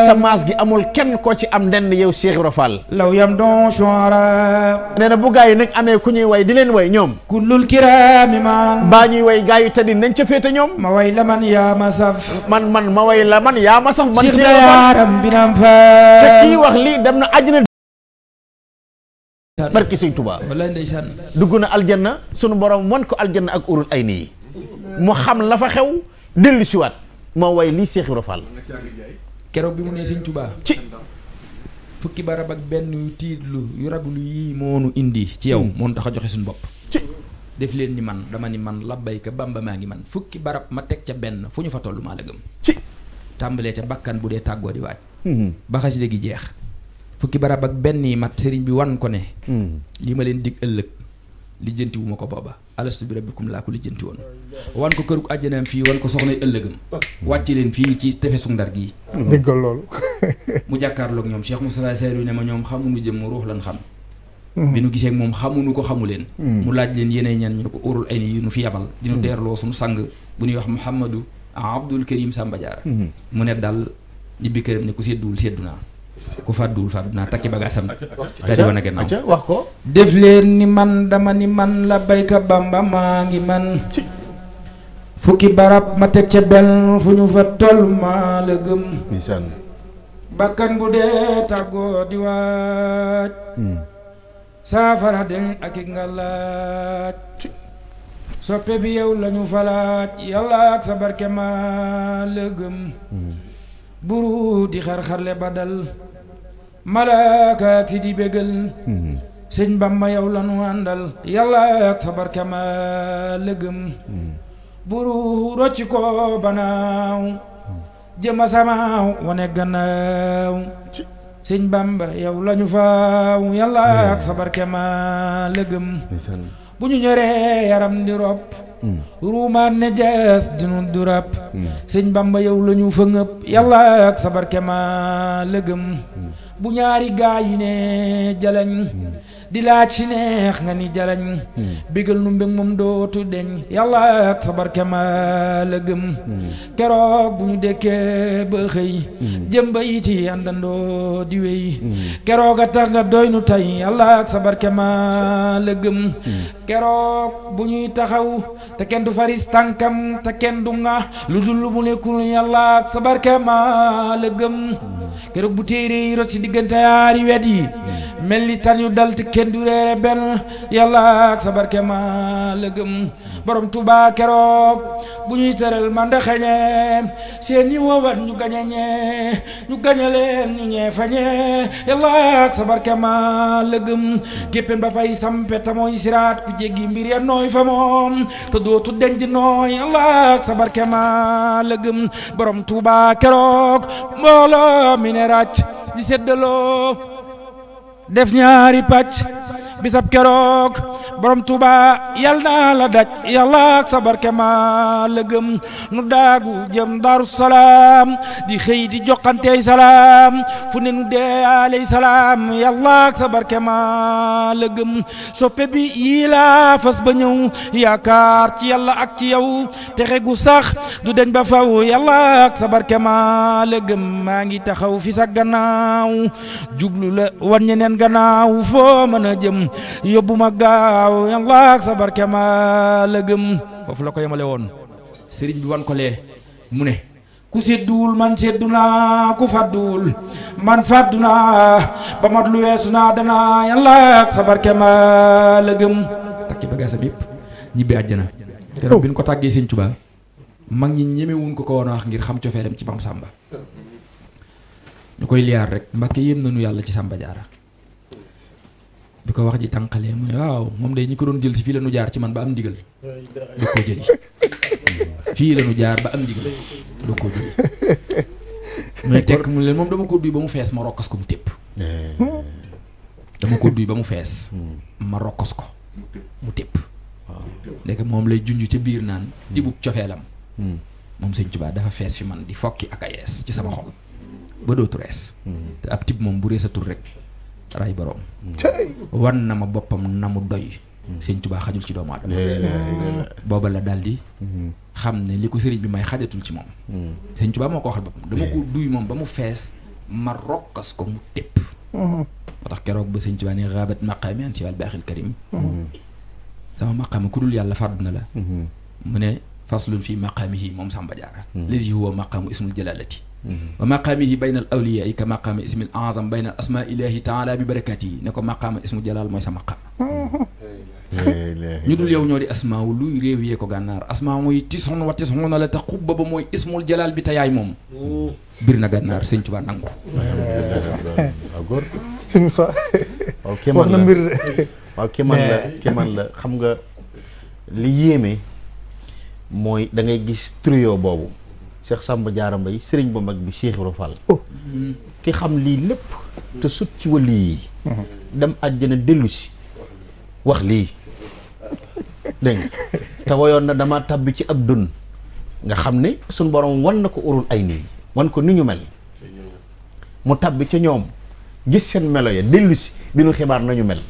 sa maas gi amul kenn koo am denn yow Cheikh Ibra law yam don chonra nee na bu gaa yi nag amee ku ñuy way di leen way ñoom kullul kiraami man baa ñuy way gaa yi tëddi nañ ca féete ñoom ma way la man yaa ma saf man man ma way la yaa ma man Cheikh Ibra Fall yaram bi barki seigne Touba wallahi ndeysaan duguna na aljanna sunu borom mon ko aljanna ak urul ayni mu xam la fa xew ci wat mo way li cheikh rofal kero bi mu ne seigne Touba ci fukki barab ak ben yu tidlu yu raglu yi monu indi ci yow mon mm. taxa joxe sun bop ci def len ni man dama ni man ka bamba ma ngi man fukki barab ma tek ca ben fuñu fa tollu ma la gem ci tambale ca bakkan budé taggo di wacc hmm ba de gi jeex fukki barab ak benn yi mat sëriñ bi wan ko ne hmm. li ma leen dig ëllëg lijjanti wu ko booba alastu bi rabbikum laa ko lijjanti woon wan ko këruk àjjanaam fii wan ko soxna soxnay ëllëgam wàcce leen fii ci tefesu Ndar gii hmm. déggal loolu mu jàkkaar look ñoom Cheikh Moustapha Seydou ne ma ñoom xamuñu jëm mu ruux lan xam hmm. bi nu gisee moom xamuñu ko xamu leen mu laaj leen yeneen ñan ñu ko urul ay ni ñu fi yabal di ñu teerloo suñu sang bu ñuy wax Mouhamadou Abdoul Karim Samba Diarra mu ne daal ñibbi këram ne ku sedduwul seddu naa ku fadul fàddu na takki bagasam daal di wane wax ko def leen ni man dama ni man la ka bamba ma ngi man fukki barab ma tek ci benn fuñu fa tol ma le gem nisan bakkan bu de tago di wat hmm. safara den ak i soppe bi yow lañu falaat yalla ak sa barke ma le gem hmm. buru di xar le badal malaakaati di bégal mm-hmm. sëñ Bamba yow la nu àndal yàlla ak sa lëgëm mm-hmm. buru rocci banaaw jëma samaaw wane gannaaw sëñ Bamba yow la ñu faaw yàlla ak sa barke lëgëm bu ñu ñoree yaram di rob ruumaan ne jees dinu durab mm. sëñ bamba yow lañu ñu fa ngëp yàlla ak sabarke ma lëgëm mm. bu ñaari gaa yi ne jalañ mm. di laa ci neex nga ni jarañ hmm. bigal nu mbég moom dootu deñ yàlla ak sa barke ma la gëm hmm. keroog bu ñu dekkee ba xëy hmm. ci àndandoo di wéy keroog a tax nga nu tey yàlla ak sa barke la gëm keroog ñuy taxaw te kenn du faris tànkam te kenn du nga lu dul lu mu nekkul yàlla ak sa barke ma la gëm keroog bu téere yi rot ci diggante yaari wet yi mel ni tan dal te kenn du réere benn yàlla ak sa barke ma la gëm borom Touba keroog bu ñuy tëral man da xeñe seen ñi wowat ñu gañe ñee ñu gañe ñu ñee fañe yàlla ak sa barke ba fay sampe ta mooy siraat ku jéggi mbir nooy fa moom te dootu nooy yàlla ak sa barke la gëm borom Touba keroog mbooloo mi ne ràcc di seddaloo def ñaari pàcc bisab keroog borom Touba yal na la daj yàlla ak sa barke ma la gëm nu daagu jëm daaru di xëy di joxanteey salaam fu ne nu dee aley salaam yàlla ak sa barke ma la gëm soppe bi yii fas ba ñëw yaakaar ci yàlla ak ci yow texe gu sax du deñ ba faw yàlla ak sa barke ma la maa ngi taxaw fi sa gannaaw jublu wan ñeneen gannaaw foo mën a jëm yóbbu ma gaaw ya Allah sabar barke ma la gëm foofu la ko bi wan ko le mu ku seddul man sedduna ya oh. ku faddul man fadduna ba mat lu wessuna dana coba, yàlla ak sa barke takki bagaasam yëpp ñibbi àjjana keroog bi ko serigne touba mag ñi ko ko won wax ngir xam ci bam samba ñukoy liar rek nañu yalla ci samba Jaara diko wax ji tankale mu waw mom day ñi ko doon jël ci fi la ñu jaar ci man ba am digël du ko jëli fii la ñu jaar ba am digël du ko jëli mais tekk mu leen mom dama ko duy ba mu fess ma rokkas ko mu tepp dama ko duy ba mu fess ma rokkas ko mu tepp nek mom lay junj ci bir naan tibub cofeelam moom sëñ Tuubaa dafa fess fi man di fokki ak a ci sama xol ba dootu rees te ab tip mom bu resatul rek ray boroom wan na ma boppam na mu doy. sëñ Tuubaa xajul ci doomu aadama. booba la daal di. Mm-hmm. xam ne li ko sëriñ bi may xajatul ci moom. Mm-hmm. sëñ Tuubaa moo ko waxal boppam dama ko duy moom ba mu fees ma rokkas ko mu tépp. Mm-hmm. moo tax keroog ba sëñ Tuubaa ne raabat maqaami an si karim. sama maqaami ku dul yàlla fàddu na la. mu ne faslun fii maqaamihi moom Samba Diarra. lazi huwa maqaamu ismul jalaalati wa maqaamihi bayna al awliyaai ka maqaami ismi al azam bayna al asma ilahi taala bi barakaatihi ne ko maqaama ismu jalaal mooy sa maqaam ñu dul yow ñoo di asmaaw luy réew yee ko gànnaar asmaaw mooy mooy ismul jalaal bi te yaay moom mmh. bir na gànnaar sëñ Tuubaa nangu suñu fa mmh. mmh. waaw kéemaan la mbir la xam nga li yéeme mooy da gis trio boobu Cheikh Samba Diarra Mbaye sëriñ bu mag bi Cheikh Ibra Fall oh. ki xam lii lépp te sut ci wàllu yi mhm. dem àjjana dellu si wax lii dégg nga te wayoon na dama tabbi ci ab dun nga xam ne suñ borom wan na ko urul ay nii wan ko ni ñu mel mu tabbi ca ñoom gis seen melo ya dellu si nu xibaar nañu mel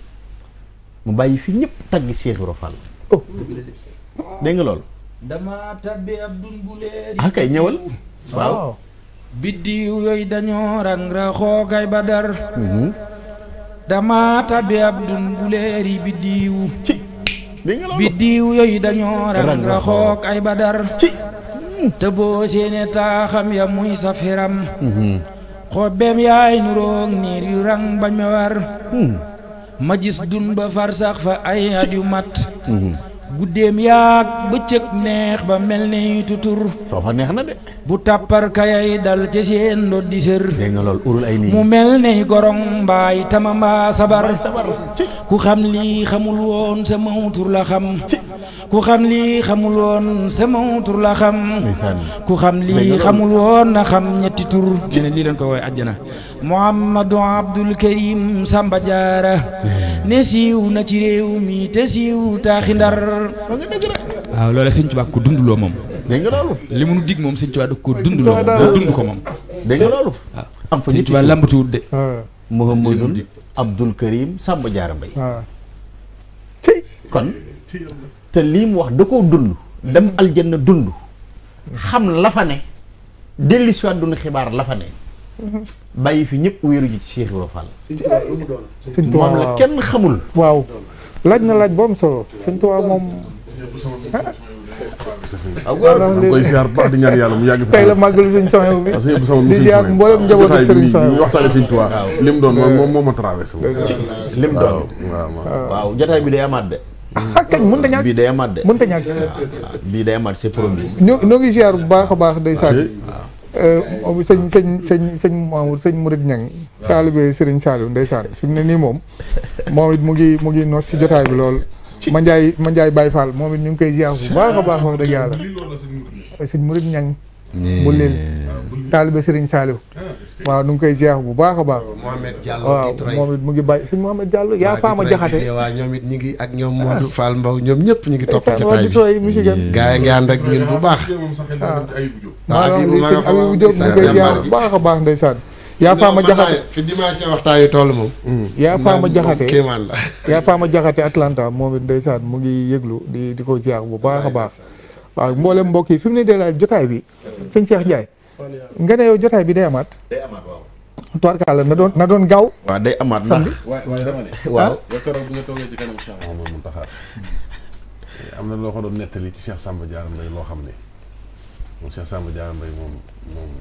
mu bàyyi fii ñëpp tagg Cheikh Ibra Fall oh. dégg nga loolu dama tabbi ab dun bu yi. ah oh. biddiw dañoo rang raxoo kay ba dar. Mhm. dama tabbi ab dun bu yi dañoo rang raxoo kay ba dar. ci te taaxam ya muy safiram. Mhm. xobbeem yaay nuroog niir yu rang bañ ma mhm. ma gis dun ba far fa ay at yu mat. guddeem ba bëccëg neex ba mel ni tutur. foofa neex na bu tàppar kayay dal ci seen ndodd di sër. ay nii. mu mel ni gorong mbaay tama mbaa sabar. ku xam lii xamul woon sa mawtur la xam. ku xam lii xamul woon sama tur la xam ku xam lii xamul woon na xam ñetti tur ñu ne lii leen ko woowe àjjana Muhammadu Abdul Karim Samba Diarra hmm. ne siiw na ci réew mi te siiw taaxi Ndar waaw loolu sëñ Tuubaa ko dundloo moom li mu nu moom sëñ Tuubaa da ko dundloo moom dund ko moom dégg nga loolu waaw am fa sëñ Tuubaa lambatuwut de ah. te lii mu wax da koo dund dem mm. aljanna dund xam la fa ne dellu si xibaar la fa ne mm-hmm. bàyyi fi ñëpp wéeru ji ci Cheikh Ibra Fall la kenn xamul waaw laaj na laaj bu am solo sëñ Tuubaa moom ah, koy ziar baax di ñaan yàlla mu yàgg fi tey la màggalu suñ soxew bi sëñ bu sama di ziar mboolem njaboot ak waxtaane sëñ Tuubaa lim doon moom moom moo ma traversé lim doon waaw jotaay bi day amaat de ah kañ mënut a ñàkk bii day amaat de mënut a bii day amaat c'est promis ñoo ñoo ngi ziar bu baax a baax day saak sëñ sëñ sëñ sëñ Mamour sëñ Mourid Niang sëriñ Serigne Saliou ndeysaan fi mu ne nii moom moom it mu ngi mu ngi nos ci jotaay bi lool ma njaay ma njaay Baye Fall moom it ñu ngi koy ziar bu baax a baax wax dëgg yàlla sëñ Mourid Niang bu leen talibé Serigne Saliou waaw nu ngi koy jeex bu baax baax mohammed Diallo waaw moom it mu ngi bay serigne mohammed Diallo yaa faama jaxate waaw ñom nit ñi ngi ak ñom Modou Fall Mbaw ñom ñepp ñi ngi topp jotaay bi gaay nga and ak ñun bu baax waaw baax a baax ndeysaan yaa faama jaxate fi dimanche waxtaan yu toll moom yaa faama jaxate ya la yaa faama jaxate Atlanta mohammed ndaysan mu ngi yeglu di diko jeex bu baax baax waaw mboolem mbokk yi fi mu bi sëñ Cheikh Ndiaye nga ne yow bi day amaat. day amaat waaw. doon na doon gaaw. day amaat ndax waay waay dama ne. na loo ko doon nettali ci Cheikh Samba Diarra loo xam ne moom Cheikh Samba Diarra Mbaye moom moom.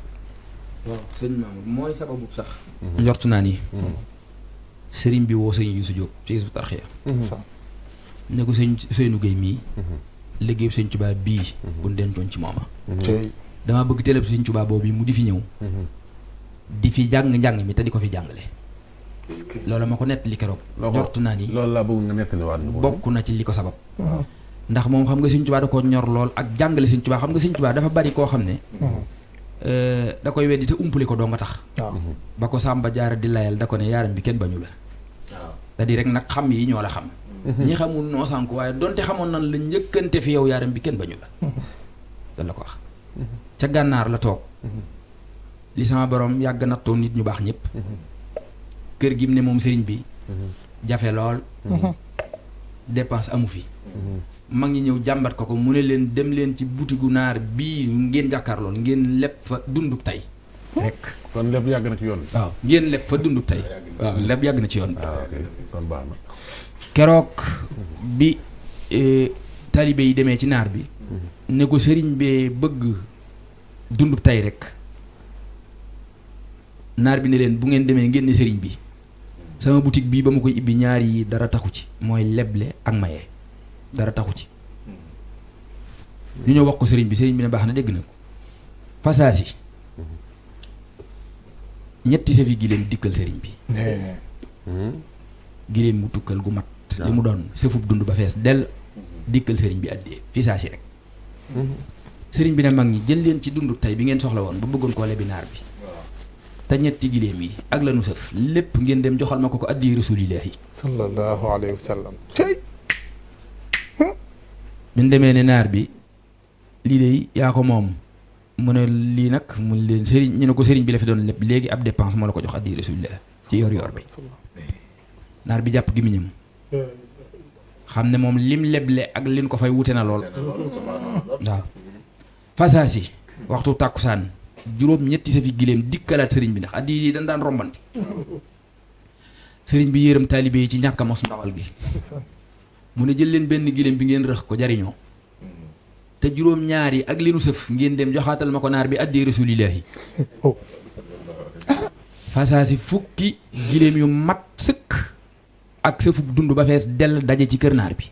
waaw sëñ Mamadou mooy mhm. njort naa ni. Mhm. sëriñ bi woo sëñ Youssou Diop ci Hizbut Tarqiyyah. Mhm. ne ko sëñ Seynou Gueye mii. liggéeyu sëñ Tuubaa bii. bu ñu dencoon ci mooma. dama bëgg télé Sëriñ Tuubaa boobu mu di fi ñëw. Mhm. di fi jàng njàng mi te di ko fi jàngale. loolu ma ko nettali keroog. ñortu naa ni loolu laa bëgg nga nettali waat bokk na ci li ko sabab. ndax moom xam nga Sëriñ Tuubaa da ko ñor lool ak jàngale Sëriñ Tuubaa xam nga Sëriñ Tuubaa dafa bari koo xam ne. Mhm. Euh, da koy weddi te umpale ko doo nga tax. Mhm. ba ko Samba Jaara di layal da ko ne yaaram bi kenn bañu la. waaw cest à rek nag xam yi ñoo la xam. ñi xamul noo sànku waaye donte xamoon nan la njëkkante fi yow yaaram bi kenn bañu la. dal la ca gànnaar la toog li sama borom yàgg nattoo nit ñu baax ñëpp kër gi mu ne moom sëriñ bi jafe lool dépense amu fi mag ñi ñëw jàmbat ko ko mu ne leen dem leen ci buti gu naar bii ngeen jàkkaarloon ngeen leb fa dundub tey kon leb yàgg na ci yoon bi waaw ngeen leb fa dundub tey ah, waaw leb yàgg na ci yoon bi ah, kon baax keroog bi eh, taalibe yi demee ci naar bi ne ko sëriñ bee bëgg dund tey rek naar bi ne leen bu ngeen demee ngeen sëriñ bi sama boutique bii ba ma koy ibbi ñaar yi dara taxu ci mooy leble ak maye dara taxu ci ñu ñëw wax ko sëriñ bi sëriñ bi ne baax na dégg na ko passage ñetti ñetti safi giléem dikkal sëriñ bi giléem bu tukkal gu mat li mu doon sëfub dund ba fees dell dikkal sëriñ bi àddee fi rek mhm. sëriñ bi ne mag ñi jël leen ci dundu tey bi ngeen soxla woon ba bëggoon koo lebi naar bi te ñetti giléem yi ak lanu nu sëf lépp ngeen dem joxal ma ko ko addi rasulillahi sallallahu alayhi wa sallam biñ demee ne naar bi lii de yaa ko moom mu ne lii nag mu leen sëriñ ñu ne ko sëriñ bi la fi doon lépp léegi ab dépense moo la ko jox addi rasulillahi ci yoor yoor bi naar bi jàpp gémmiñam xam ne moom lim leble ak lin ko fay wute na lool waaw fasaasi waxtu tàkkusaan juróom ñetti sa fi dikkalaat sëriñ bi ndax addi yi dañ daan rombante sëriñ bi yéeram taalibe yi ci ñàkk a mos mu ne jël leen benn gileem bi ngeen rëx ko jariñoo te juróom ak leenu ngeen dem joxaatal ma ko naar bi addee rasulillahi fasaasi fukki gileem yu mag sëkk ak sëfub dund ba fees dell daje ci kër naar bi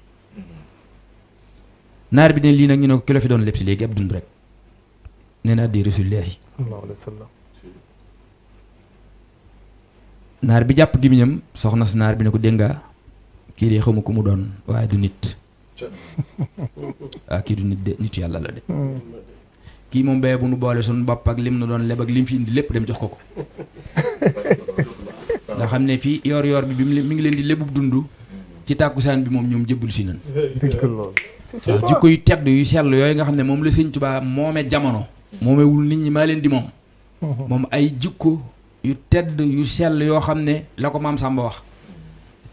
naar bi ne lii nag ñu ne ko kilo fi doon lépp si léegi ab dund rek nee na addi rasulillahi naar bi jàpp gimiñam soxna si naar bi ne ko dégg nga kii de xawma ku mu doon waaye du nit waaw ah, kii du nit de nitu yàlla la de hmm. kii moom bee bu nu boole suñu bopp ak lim na doon leb ak lim fi indi lépp dem jox ko ko nga xam ne fii yoor yoor bi bi mi ngi leen di lépp dund ci tàkkusaan bi moom ñoom jëbbul si nan waaw jikko yu tedd yu sell yooyu nga xam ne moom la sëñ Tuubaa moome jamono moomewul nit ñi maa leen di moom mhm. moom ay jikko yu tedd yu sell yoo xam ne la ko maam Samba wax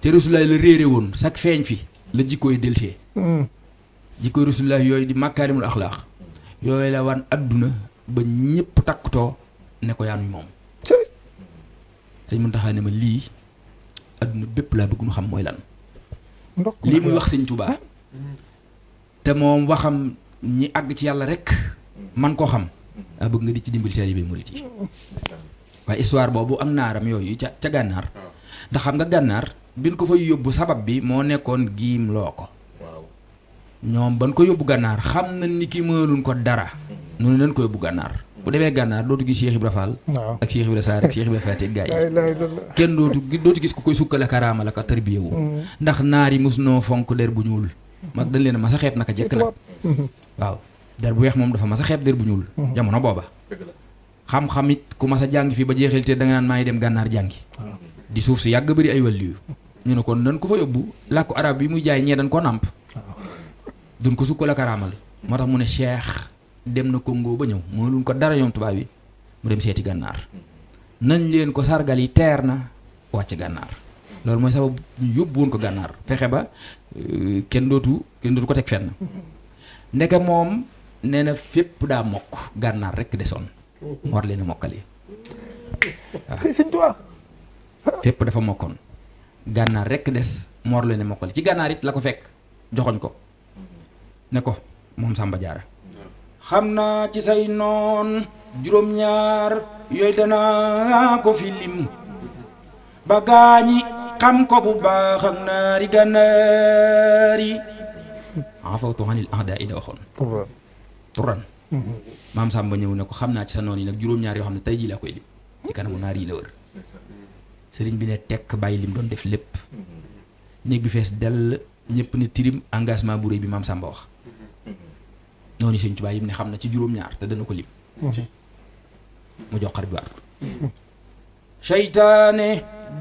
te rasulaay la réere woon sak feeñ fi la jikko yi delsee mhm. jikko rasulaay yooyu di makaarimul axlaaq yooyu la wan àdduna ba ñëpp takkutoo ne ko yaanuy moom sëñ Muntaxa ne ma lii adduna bépp laa bëgg nu xam mooy lan lii muy wax sëñ Tuubaa ah. te moom waxam ñi àgg ci yàlla rek man ko xam daa bëgg nga di ci dimbali taalibe murit yi waaye histoire boobu ak naaram yooyu ca ca gànnaar ndax xam nga gànnaar bin ko fa yóbbu sabab bi moo nekkoon giim loo ko ñoom ban ko yóbbu gànnaar xam na ni ki mënuñ ko dara mm-hmm. noonu leen ko yóbbu gànnaar bu demee gànnaar dootu gis Cheikh Ibra Fall ak Cheikh Ibra Sarr ak Cheikh Ibra Faati gaa yi kenn dootu gis ku koy sukkale karaama la ko tarbiyewu mm-hmm. ndax naar yi mos noo fonk der bu ñuul mm-hmm. mag dañ leen a mas a xeeb naka waaw der bu mom mom dafa mas a xeeb der bu ñul mhm. jamono boba xam xamit ku mas a jàng ba jeexil da nga nan may dem gannar jangi. Ah. di suuf ci yag bëri ay wàllu ñu ne kon nan ku fa yóbbu làkku arab bi muy jaay ñe dañ ko namp ah. duñ ko mu ne cheikh dem na Congo ba mo luñ ko dara ñom tuba bi mu dem seti gannar mm-hmm. nañ leen ko sargal yi terna wacc gannar lool moy sabab ñu ko gannar fexe ba euh, kendo dootu kendo dootu ko tek fenn. Mm-hmm. ndeke mom nena fepp da mok mokk rek deson mu war leen a mokkali waaw gana dafa mokkoon gànnaar rek des mor war leen a ci gànnaar it lako ko joxogn ko ne ko mom Samba jaar xamna ci say non jurom ñaar yoy dana ko ba gañi xam ko bu baax ak naari gànnaar yi ahda fait waxoon turan mm-hmm. maam Samba ñëw ne ko xam naa ci sa noon yi nag juróom-ñaar yoo xam ne tey jii laa koy lim mm-hmm. ci kanamu naar yi la wër mm-hmm. sëriñ bi ne tekk bàyyi lim doon def lépp néeg bi fees dell ñëpp ne tirim engagement bu rëy bi maam Samba wax noonu sëñ Tuubaa yim ne xam na ci juróom-ñaar te dana ko lim mu jox xar bi waat ko seytaane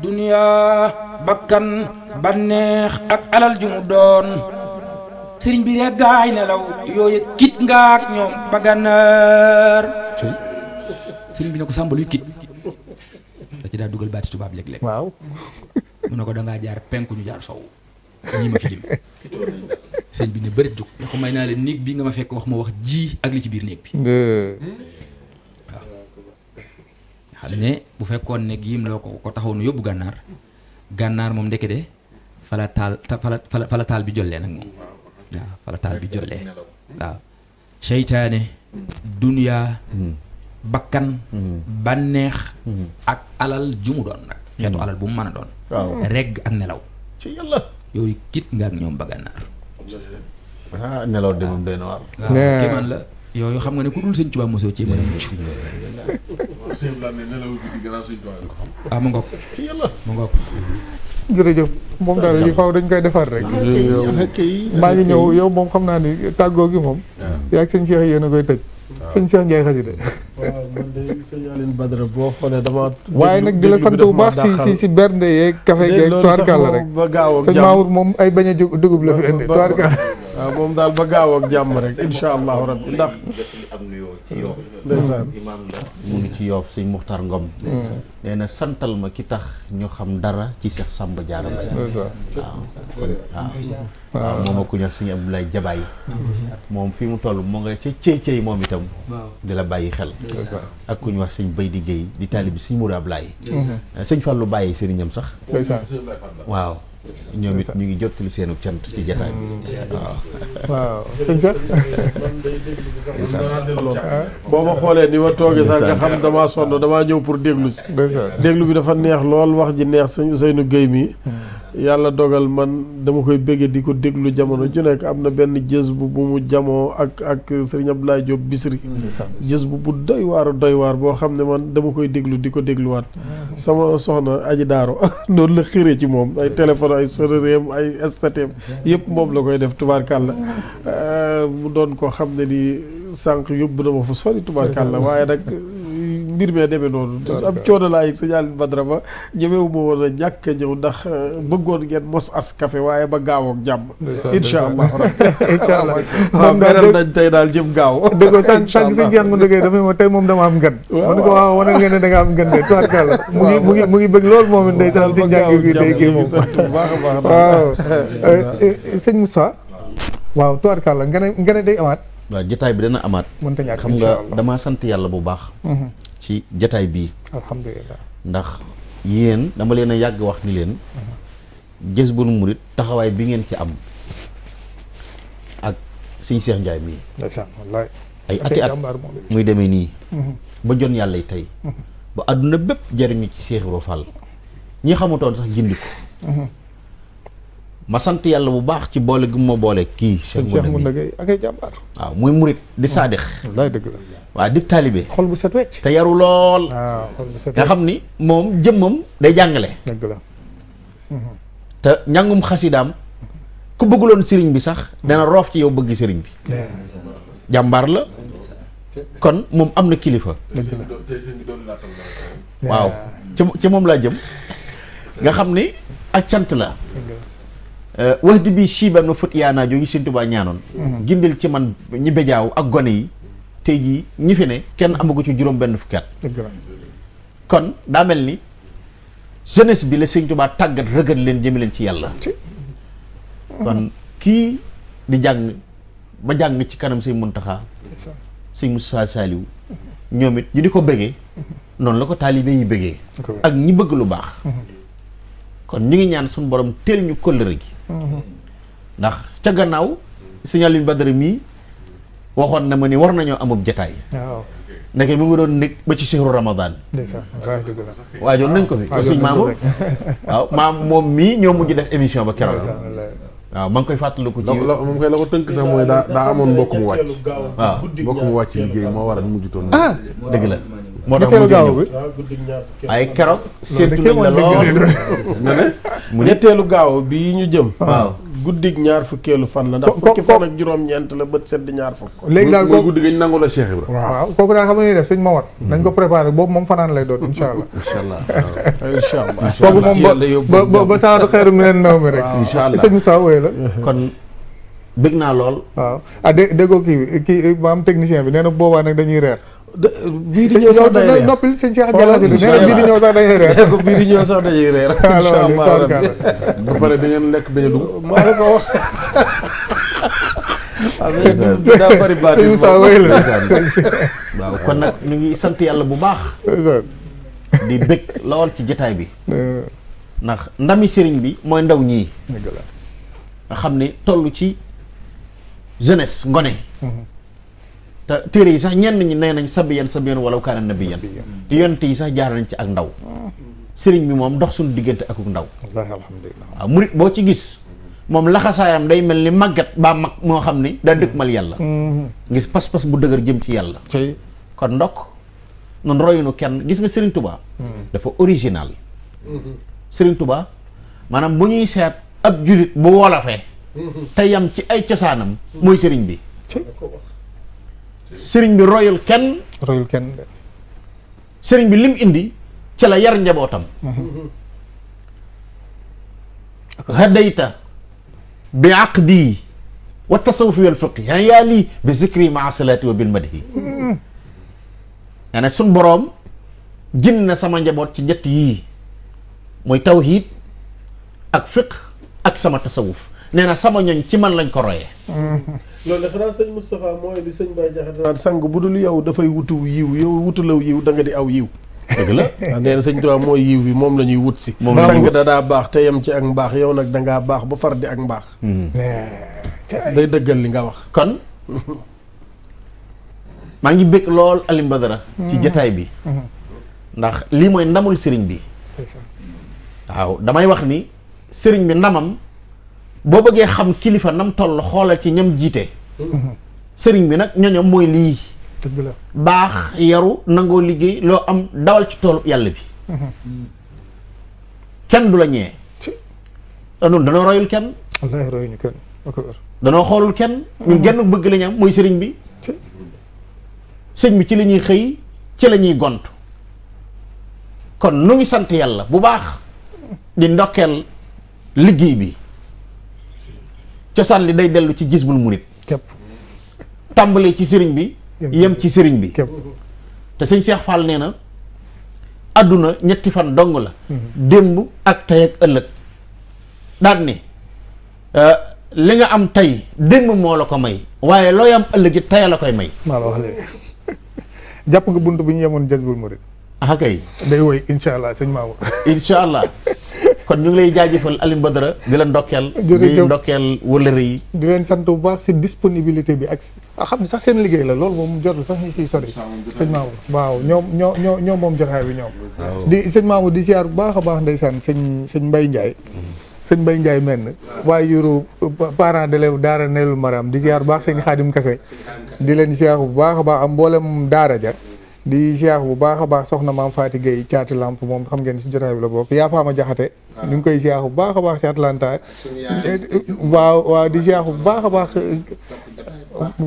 duniyaa bakkan banneex ak alal ju doon serigne bi rek gaay yo yoy kit nga ak ñom ba serigne bi ne ko yu kit da ci da dugal baati tubab leg leg waaw mu ne ko nga jaar penku ñu jaar sow ñi ma fi dim serigne bi ne beurep juk ne may bi nga ma fekk wax ma wax ji ak li ci bir néeg bi waaw bu fekkone ne giim loko ko ko taxaw nu yóbbu gànnaar ndekete fala tal fala fala tal bi jolle nak mom waaw farataal bi jolle waaw seytaane dunya bakkan hmm. banex hmm. ak alal jumu don nak xetu hmm. alal bu meuna don reg ak nelaw ci yalla yooyu kit nga ak ñom baganar ah nelaw de mum doy na waar waaw kéemaan la yooyu xam nga ne ku dul seigne Tuubaa mosoo ci mën ci seigne la ne nelaw bi di gannaaw seigne Tuubaa ko xam ah mu ngoog ci yàlla mu ngoog jërëjëf moom daal li faaw dañ koy defar rek maa ngi ñëw yow moom xam naa ni tàggoo gi moom yaa ak sëñ Cheikh yéen a koy tëj sëñ Cheikh Ndiaye xasida waaw man de sëñ Aline Badara boo xoolee dama waaye nag di la sant bu baax si si si bernde yeeg café yeeg toirkalla rek sëñ Mamour moom ay bañ a dugub la fi indi toirkalla waaw moom daal ba gaaw ak jàmm rek incha allahu rabbi ndax mu ngi ci yoof suñ Muxtar Ngom nee na santal ma ki tax ñu xam dara ci Seex Sàmba Jaara Mbay waaw waaw moom ak ku ñor sëñ Abdoulaye Jabaay moom fi mu toll moo nga ca cëy cëy moom itam di la bàyyi xel ak ku ñu wax suñ Bay di Géey di taalibi sëñ Mourou Ablaye sëñ Fàllu bàyyi sëriñam sax waaw ñoom it ñu ngi jottali seenu cant ci jataay bi waaw. waaw sëñ Cheikh. incha boo ma xoolee ni ma toogee sax nga xam damaa sonn damaa ñëw pour déglu si. déglu bi dafa neex lool wax ji neex sëñ seenu Guèye mi hmm. yàlla dogal man dama koy bëggee di ko déglu jamono ju nekk am na benn jës bu bu mu jamoo ak ak sëriñ Abdoulaye Diop Bisri jës bu bu doy waaru doy waar boo xam ne man dama koy déglu di ko dégluwaat sama soxna aji daaro noonu la xëree ci moom ay téléphone ay sonoreem ay estateem yëpp moom la koy def tubaarkàlla euh, mu doon ko xam ne ni sànq yóbbu na fu sori tubaarkàlla waaye nag mbir mee demee noonu am coono laa yëg signal Badara ma ñemewu ma woon a ñàkk a ndax euh, bëggoon ngeen mos as café waaye ba gaaw ak jàmm allah daal jëm gaaw da ko sànq sànq si jaan ma dëggee moom dama am gan ma ne ko waaw wane ngeen ne da nga am gan de tubaarkàlla mu mu ngi mu ngi bëgg loolu moom it ndeysaan si njàng bi day kii moom waaw eh, eh, sëñ Moussa waaw tubaarkàlla nga ne bi dana amaat. xam nga damaa sant yàlla bu baax. Mm-hmm. ci jataay bii alhamdulilah ndax yéen dama leen a yàgg wax ni leen Jazboul Mouride taxawaay bi ngeen ci am ak sëñ Seex Njaay mii ay ati at muy demee nii mhm. ba jon yàlla yi tey mhm. ba àdduna bépp jariñu ci Seex Ibra Fall ñi xamutoon sax gindi ko mhm. ma sant yàlla bu baax ci boole gi ma boole kii. Cheikh Mounda Gueye ak ay jàmbaar. waaw muy murit di saadix. Ah, wallaay dib taalibe. xol bu set te yaru lool. Ah, nga xam ni moom jëmmam day jàngale. dëgg la. Mhm. te njàngum xasidaam ku bëgguloon sëriñ bi sax dana roof ci yow bëgg sëriñ bi. jàmbaar la. kon moom am na kilifa. waaw ci moom laa jëm. nga xam ni ak cant la. Eh, wahdi di bi shiba no fut yaanaa jooju Sëñ Tuubaa ñaanon mhm. gindil ci man ñi bejaaw ak gone yi tey ñi fi ne kenn amugo ci juroom benn kon da melni jeunesse bi le Sëñ Tuubaa tàggat leen jëmi ci yalla kon ki di jang ba jang ci kanam sey muntaha sey musa saliw ñomit ñi diko bege ko mhm. la ko talibé yi bege ak ñi bëgg lu baax mhm. kon ñi ngi ñaan sun borom tel ñu kóllëre gi Mm-hmm. ndax ca gannaaw signal yu Badara mii waxoon na ma ni war nañoo amub jataay ndeke mu ngi doon nekk ba ci sihru waa waajoon nañ ko fi sëñ Mamour waaw maam moom mii ñoo mujj def émission ba keroog waaw maa ngi koy fàttaliku ci moom koy la ko tënk sax mooy daa daa amoon mbokk mu wàcc waaw mbokk mu wàcc liggéey moo waral mujjutoon ah dëgg la moo tax mu gaaw bi ay keroog seetu nañ la lool netteelu gaaw bi ñu jëm ah. waaw guddig ñaar fukkeelu fan la ndax fukki fan ak juróom-ñeent la bët sedd ñaar fukk léegi daal kooku guddi gañ nangu la Cheikh Ibrahima waaw kooku daal xam nga ñuy def sëñ Mawar mm-hmm. moom fanaan lay doon incha allah incha allah incha allah kooku moom ba ba saatu xeeru mi leen naw mi rek incha allah sëñ Moussa wooye la kon bëgg naa lool waaw ah dé déggoo kii bi kii maam technicien bi nee na boobaa nag dañuy reer Eh, bii di ñëw sax dañuy reer noppil sëñ Cheikh Diallo si bii di ñëw sax dañuy reer bii di ñëw ba pare da lekk bañ a dugg maa la ko waaw kon nag ñu ngi sant yàlla bu baax di bëgg lool ci jataay bi ndax ndami sëriñ bi mooy ndaw ñii nga xam ni toll ci jeunesse ngone mm-hmm. te téere yi sax ñenn ñi nee nañ sabiyan sabiyan wala kaana nabiyan te yonent yi sax jaar nañ ci ak ndaw sëriñ bi moom ndox suñu diggante akuk ndaw alhamdulilah murit boo ci gis moom laxasaayam day mel ni màggat baa mag moo xam ni daa dëkk mal yàlla mm-hmm. ngir pas-pas bu dëgër jëm ci yàlla kon ndokk noonu royunu kenn gis nga sëriñ Touba. Mm-hmm. dafa original mm-hmm. sëriñ Touba maanaam bu ñuy seet ab julit bu wolofee te yam ci ay cosaanam mooy sëriñ bi sëriñ bi royul kenn. royul bi lim indi ci la yar njabootam. Mm-hmm. hadayta bi aqdi wa tasawufi wal fiqi yaa lii bi zikri maa salaati wa bil madhi. nga mm-hmm. ne sunu boroom jin na sama njaboot ci ñett yii muy tawhiid ak fiq ak sama tasawuf nee na sama ñooñ ci man lañ ko royee. Mm-hmm. loolu sëñ Moustapha mooy li sëñ Baye Diakhaté naan sang bu dafay wutu yiw yow wutulaw yiw da di aw yiw dëgg la nee na sëñ Tuubaa mooy yiw bi moom la ñuy wut si sang da daa baax te yam ci ak mbaax yow nag dangaa baax ba far di ak mbaax hmm. day dëggal li nga wax kon maa ngi bëgg lool Alioune Badara hmm. ci jataay bi hmm. ndax lii mooy ndamul sëriñ bi waaw damay wax ni sëriñ bi ndamam boo bëggee xam kilifa nam toll xoolal ci ñam jiite sëriñ bi nag ñoñom mooy lii baax yaru nangoo liggéey loo am dawal ci toolu yàlla bi kenn du la ñee ah, noonu danoo royul kenn wallaahi danoo xoolul kenn ñun mm-hmm. genn bëgg la ñu am mooy sëriñ bi sëñ bi ci la xëy ci la ñuy gont kon nu ngi sant yàlla bu baax di ndokkeel liggéey bi cosaan li day dellu ci gis bul murit képp tàmbalee ci sëriñ bi yem ci sëriñ bi te sëñ Cheikh Fall nee na àdduna ñetti fan dong la mhm. démb ak tey ak ëllëg daan ne euh, li nga am tey démb moo la ko may waaye looy am ëllëg it tey la koy may maa la wax jàpp nga bunt bu ñu yemoon jazbul murid ah kay day woy insha allah sëñ Mamour insha allah kon ñu ngi lay jaajëfal Alioune Badara di la ndokkeel di ndokkeel wëlëre yi di leen sant bu baax si disponibilité bi ak ah, xam ne sax seen liggéey la loolu moom jotul sax ñu si sori sëñ Mamadou waaw ñoom ñoo ñoo ñoom moom jotaay bi ñoom di sëñ Mamadou di siyaar bu baax a baax ndeysaan sëñ sëñ Mbaye Ndiaye mm-hmm. sëñ Mbaye Ndiaye menn waaye yuru uh, parent d'élève daara Nellu Maram di siyaar bu baax sëñ Xaadim Kase di leen siyaar bu baax a baax am mboolem daara ja di ziar bu baax a baax soxna maam Faati Gueye caati làmp moom xam ngeen si jotaay bi la bokk yaa faama jaxate ah. ñu ngi koy ziar bu baax a baax si Atlanta eh, waaw di ziar bu baax a baax eh,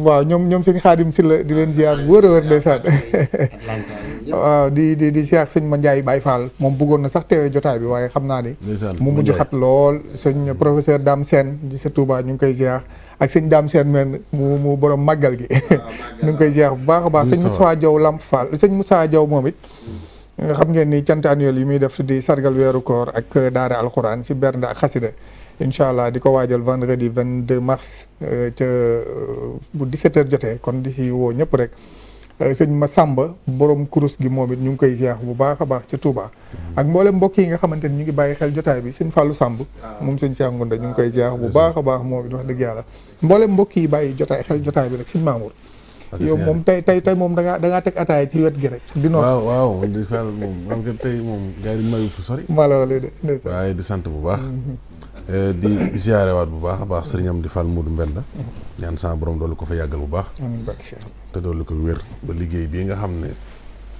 waaw ñoom ñoom si seen xaadim si la di leen ziar wër a wër ndeysaan waaw ah, di di di siyaar suñ ma Ndiaye Baye faal moom bëggoon na sax teewee jotaay bi waaye xam naa ni mu mujj xat lool sëñ professeur Dame seen di sa Touba ñu ngi koy siyaar ak sëñ Dame Sène men mu mu borom màggal gi ah, ñu ngi koy siyaar bu baax a baax sëñ Moussa Diaw Lamp Fall sëñ Moussa Diaw moom it nga mm. xam ngeen ni cant annuel yi muy def di sargal weeru koor ak daara alxuraan si bernda ak xasida incha allah di ko waajal vendredi 22 mars euh, ca euh, bu 17 heures jotee kon di si woo ñëpp rek Euh, sëñ Massamba borom kurus gi moom it ñu ngi koy ziar bu baax a baax ca Touba. Mm-hmm. ak mboolem mbokk yi nga xamante ni ñu ngi bàyyi xel jotaay bi sëñ Fallou Samb. Ah. moom sëñ Cheikh Ngounda ñu ngi koy ziar bu ah, baax a baax moom it wax dëgg yàlla. mboolem mbokk yi bàyyi jotaay xel jotaay bi rek sëñ Mamour. yow moom tey tey tey moom da ngaa da ngaa teg ataay ci wet gi rek. di noos waaw waaw di faral moom man tey moom gars yi di mayu fu sori. maa la de. waaye di sant bu baax. Mm-hmm. Eh, di ziaré wat bu baax a baax sëriñam di fal Modou Mbenda ñaan sa borom doolu ko fa yagal bu baax te doolu ko wër ba liggéey bi nga xamné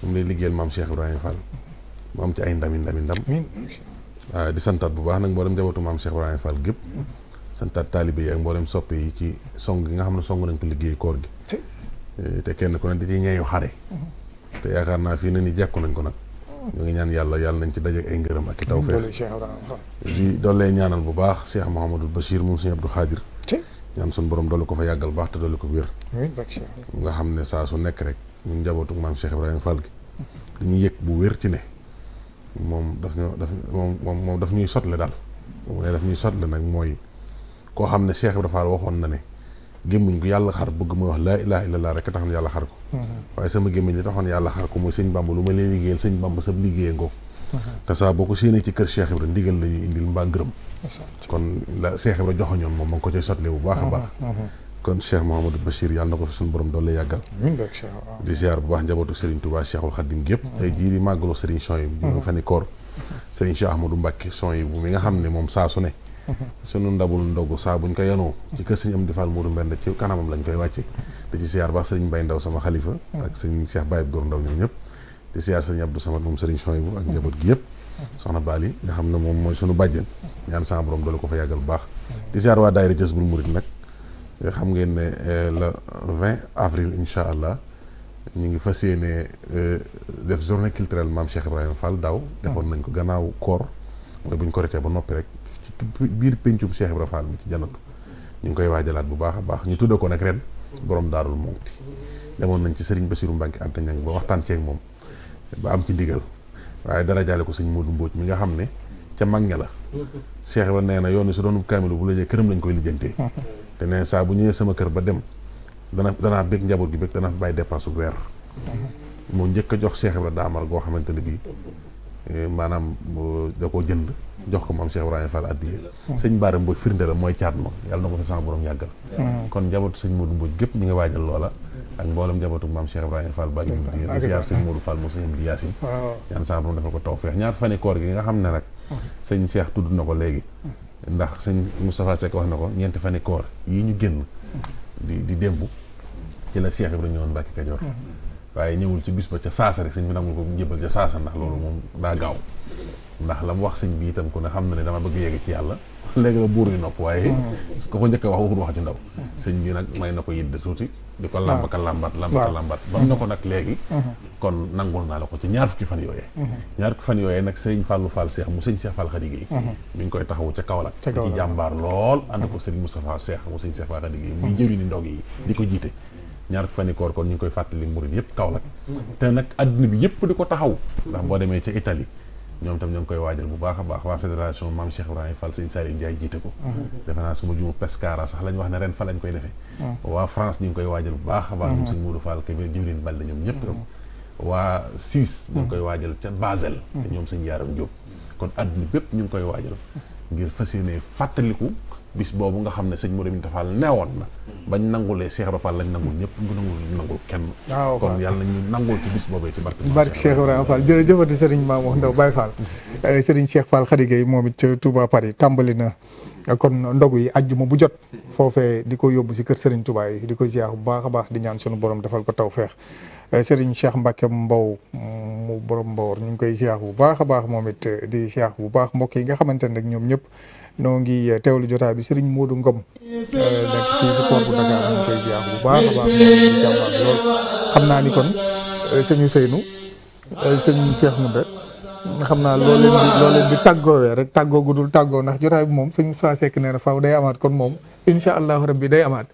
ne lay liggéeyal mam Cheikh ibrahim Fall mu am ci ay ndam ndam ndam waaw di santat bu baax nak mbolam jabatu mam Cheikh ibrahim Fall gep santat talibé ak mbolam soppé yi ci song nga xamné song nañ ko liggéey koor gi te eh, kenn ko nañ di ñeñu xaré mhm. te yaakaar naa ni jakku nañ ko nak ñu ngi ñaan yàlla yàlla nañ ci dajeek ay ngërëm ak i tawfeex di doollee ñaanal bu baax Cheikh Mouhamadul Bachir moom Serigne du Khadir ñaan suñu borom doolu ko fa yàggal baax te doolu ko wér nga xam ne saa su nekk rek mu njabootug maam Cheikh Ibrahima Fall gi dañuy yëg bu wér ci ne moom daf ñoo daf moom moom daf ñuy sotle daal mu ne daf ñuy sotle nag mooy koo xam ne Cheikh Ibrahima Fall waxoon na ne gémmiñ gu yàlla xar bëgg mooy wax laa ilaha illallah rek tax na yàlla xar ko mhm. waaye sama gémmiñ li taxoon yàlla xar ko mooy sëñ bamba lu ma leen liggéeyal sëñ bamba sa liggéey ngoog mhm. te saa boo ko séenee ci kër la ñuy indil mbaa ngërëm moom ma ko cay sotle bu baax mhm. kon Cheikh Mouhamadou Bachir yàlla na ko fi suñu borom doon la yàggal di ziar bu baax njabootu Serigne Touba Cheikhul Khadim gépp tey jii di màggalu Serigne Chouaïb bu ñu fani koor Serigne Cheikh Ahmadou Mbacké Chouaïb bu mi nga xam ne moom saa su ne sunu ndabul ndogu saa buñ ko yanoo ci kër sëñ Amdi Fall Mourou mbenn ci kanamam lañ koy wàcce te ci siyaar baax sëriñ Mbay Ndaw sama xalifa ak sëñ Cheikh Baye Góor Ndaw ñoom ñëpp te siyaar sëñ Abdou Samad moom sëriñ Soyibu ak njaboot gi yëpp soxna Bali nga xam ne moom mooy sunu bàjjen ñaan sama borom doole ko fa yàggal bu baax di siyaar waa daayira Jazbul Murid nag xam ngeen ne eh, le 20 avril incha allah ñu ngi fas yéene eh, def journée culturelle maam Cheikh Ibrahima Fall daaw defoon nañ ko gannaaw koor mooy bu ko retee ba noppi rek biir pencum Cheikh Ibra Fall mi ci janatu ñu ngi koy waajalaat bu baax a baax ñu tudde ko nag ren boroom daarul Muxti demoon nañ ci Serigne Bassirou Mbacké Anta Niang ba waxtaan ceeg moom ba am ci ndigal waaye dara jaale ko sëñ Modou Mbodj mi nga xam ne ca mag ña la Cheikh Ibra nee na yoon su doonu kaamilu bu lajee këram lañ koy lijjantee te nee saa bu ñëwee sama kër ba dem dana danaa bég njaboot gi bég dana fi bàyyi dépense bu weer moo njëkk a jox Cheikh Ibra daamar goo xamante ne bii eh, maanaam eh, da koo jënd jox ko moom Cheikh Ibrahima Fall addiye sëñ Baara Mbodj firnde la mooy caat ma yàlla na ko fi sama borom yàggal mm. kon njabootu sëñ Modou Mbodj gépp ñu ngi waajal loola ak mboolem njabootu maam Cheikh Ibrahima Fall ba di ziar sëñ Modou Fall moo sëñ Abdou Yacine ñaan sama borom defal ko tawfeex ñaar mm. tudd na ko léegi ndax sëñ Moustapha Seck wax na ko ñeenti fani koor yi ñu génn di di démb ci la Cheikh Ibrahima ñëwoon Mbàkke Kajoor mm. waaye ñëwul ci bis ba ca saasa sëñ bi nangul ko njëbal saasa ndax loolu moom daa gaaw ndax lam wax señ bi itam ku ne xam na ne dama bëgg yegg ci yàlla léegi la buur yu nopp waaye ko ko njëkk wax waxul wax ju ndaw señ bi nag may na yidd tuuti di ko ba ko nag kon nangul naa la ko ci ñaar fukki fan yooyee ñaar fukki fan yooyee nag sëriñ fallu Fall Cheikh mu sëñ Cheikh Fall Khady mi ngi koy taxawu ca Kaolack ci jàmbaar lool ànd ko sëriñ Moustapha Cheikh mu sëñ Cheikh Fall Khady muy ni ndog yi di ko jiite ñaar fani koor kon ñu ngi koy fàttali murid yëpp Kaolack te nag àdduna bi yëpp di taxaw ndax boo demee ca Italie ñoom tam ñoo ngi koy waajal bu baax a baax waa fédération maam Cheikh Ibrahima Fall sëñ Saliou Ndiaye jiite ko defe naa su ma juum Pescara sax lañu ñu wax ne ren fa lañ koy defee waa France ñu ngi koy waajal bu baax a baax ñoom sëñ Moudou Fall ke bi Djibril Bal ñoom ñëpp waa Suisse ñu ngi koy waajal ca Basel te ñoom sëñ Yaaram Diop kon àdduna bépp ñu ngi koy waajal ngir fas yéene fàttaliku bis boobu nga xam ne sëñ Modou Minta Fall neewoon na bañ nangulee Cheikh Ibra Fall lañ nangul ñëpp bu nangul nangul kenn kon yàlla nañu nangul ci bis boobee ci barke barke Cheikh Ibrahima Fall jërëjëfati Serigne Mamour Ndaw Baye Fall eh, Serigne Cheikh Fall Khady Gueye moom it eh, Touba Paris tàmbali na kon ndogu yi àjjuma bu jot foofee di ko yóbbu si kër Serigne Touba yi di ko ziar bu baax a baax di ñaan sunu borom defal ko tawfeex eh, Serigne Cheikh Mbacke Mbow mu borom Mbawor ñu ngi koy ziar bu baax a baax moom it di ziar bu baax mbokk yi nga xamante ne nag ñoom ñëpp noo ngi teewlu jotaay bi sëriñ Modou Ngom eh, nekk fii si port bu Dakar ñu koy xam naa ni kon eh, sëñu Seynou eh, sëñ Cheikh Mounda xam naa loo leen di loo leen rek tàggoo gudul tàggoo ndax jotaay bi moom sëñ Moussa Seck nee faaw day amaat kon moom incha allahu rabbi day amaat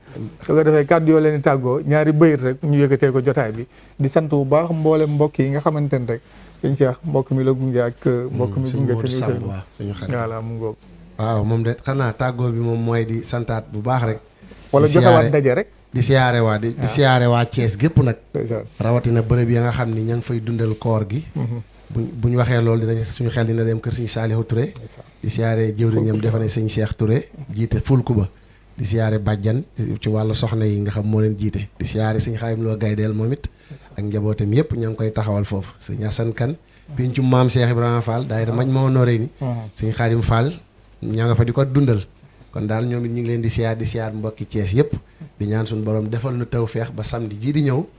su ko defee kàddu yoo leen tàggoo ñaari bëyit rek ñu yëkkatee ko jotaay bi di sant bu baax mboole mbokk yi nga xamante ne rek sëñ Cheikh mbokk mi la gunge ak mbokk mi mm, gunge sëñu Seynou voilà mu ngoog waaw moom de xanaa tàggoo bi moom mooy di santaat bu baax rek. wala jotawaat daje rek. di siyaare waa di di ah. siyaare waa Thiès gépp nag. rawatina bërëb yi nga xam ni ña ngi fay dundal koor gi. Mm-hmm. bu ñu waxee loolu dinañ suñu xel dina dem kër sëñ Salihu Touré. di siyaare jëwriñam defe ne sëñ Cheikh Touré jiite Fulkuba. di siyaare bàjjan ci wàllu soxna yi nga xam moo leen jiite. di siyaare sëñ Xaayim Lo Gaydeel moom it. ak njabootam yëpp ña ngi koy taxawal foofu sëñ Assane Kane. pincu maam Cheikh Ibrahima Fall daayira mañ moo nooree ni. sëñ Xaadim Fall ñaa nga fa di ko dundal kon daal ñoom it ñu ngi leen di siyaar di siyaar mbokki cees yëpp di ñaan suñu boroom defal na taw feex ba samedi jii di ñëw bu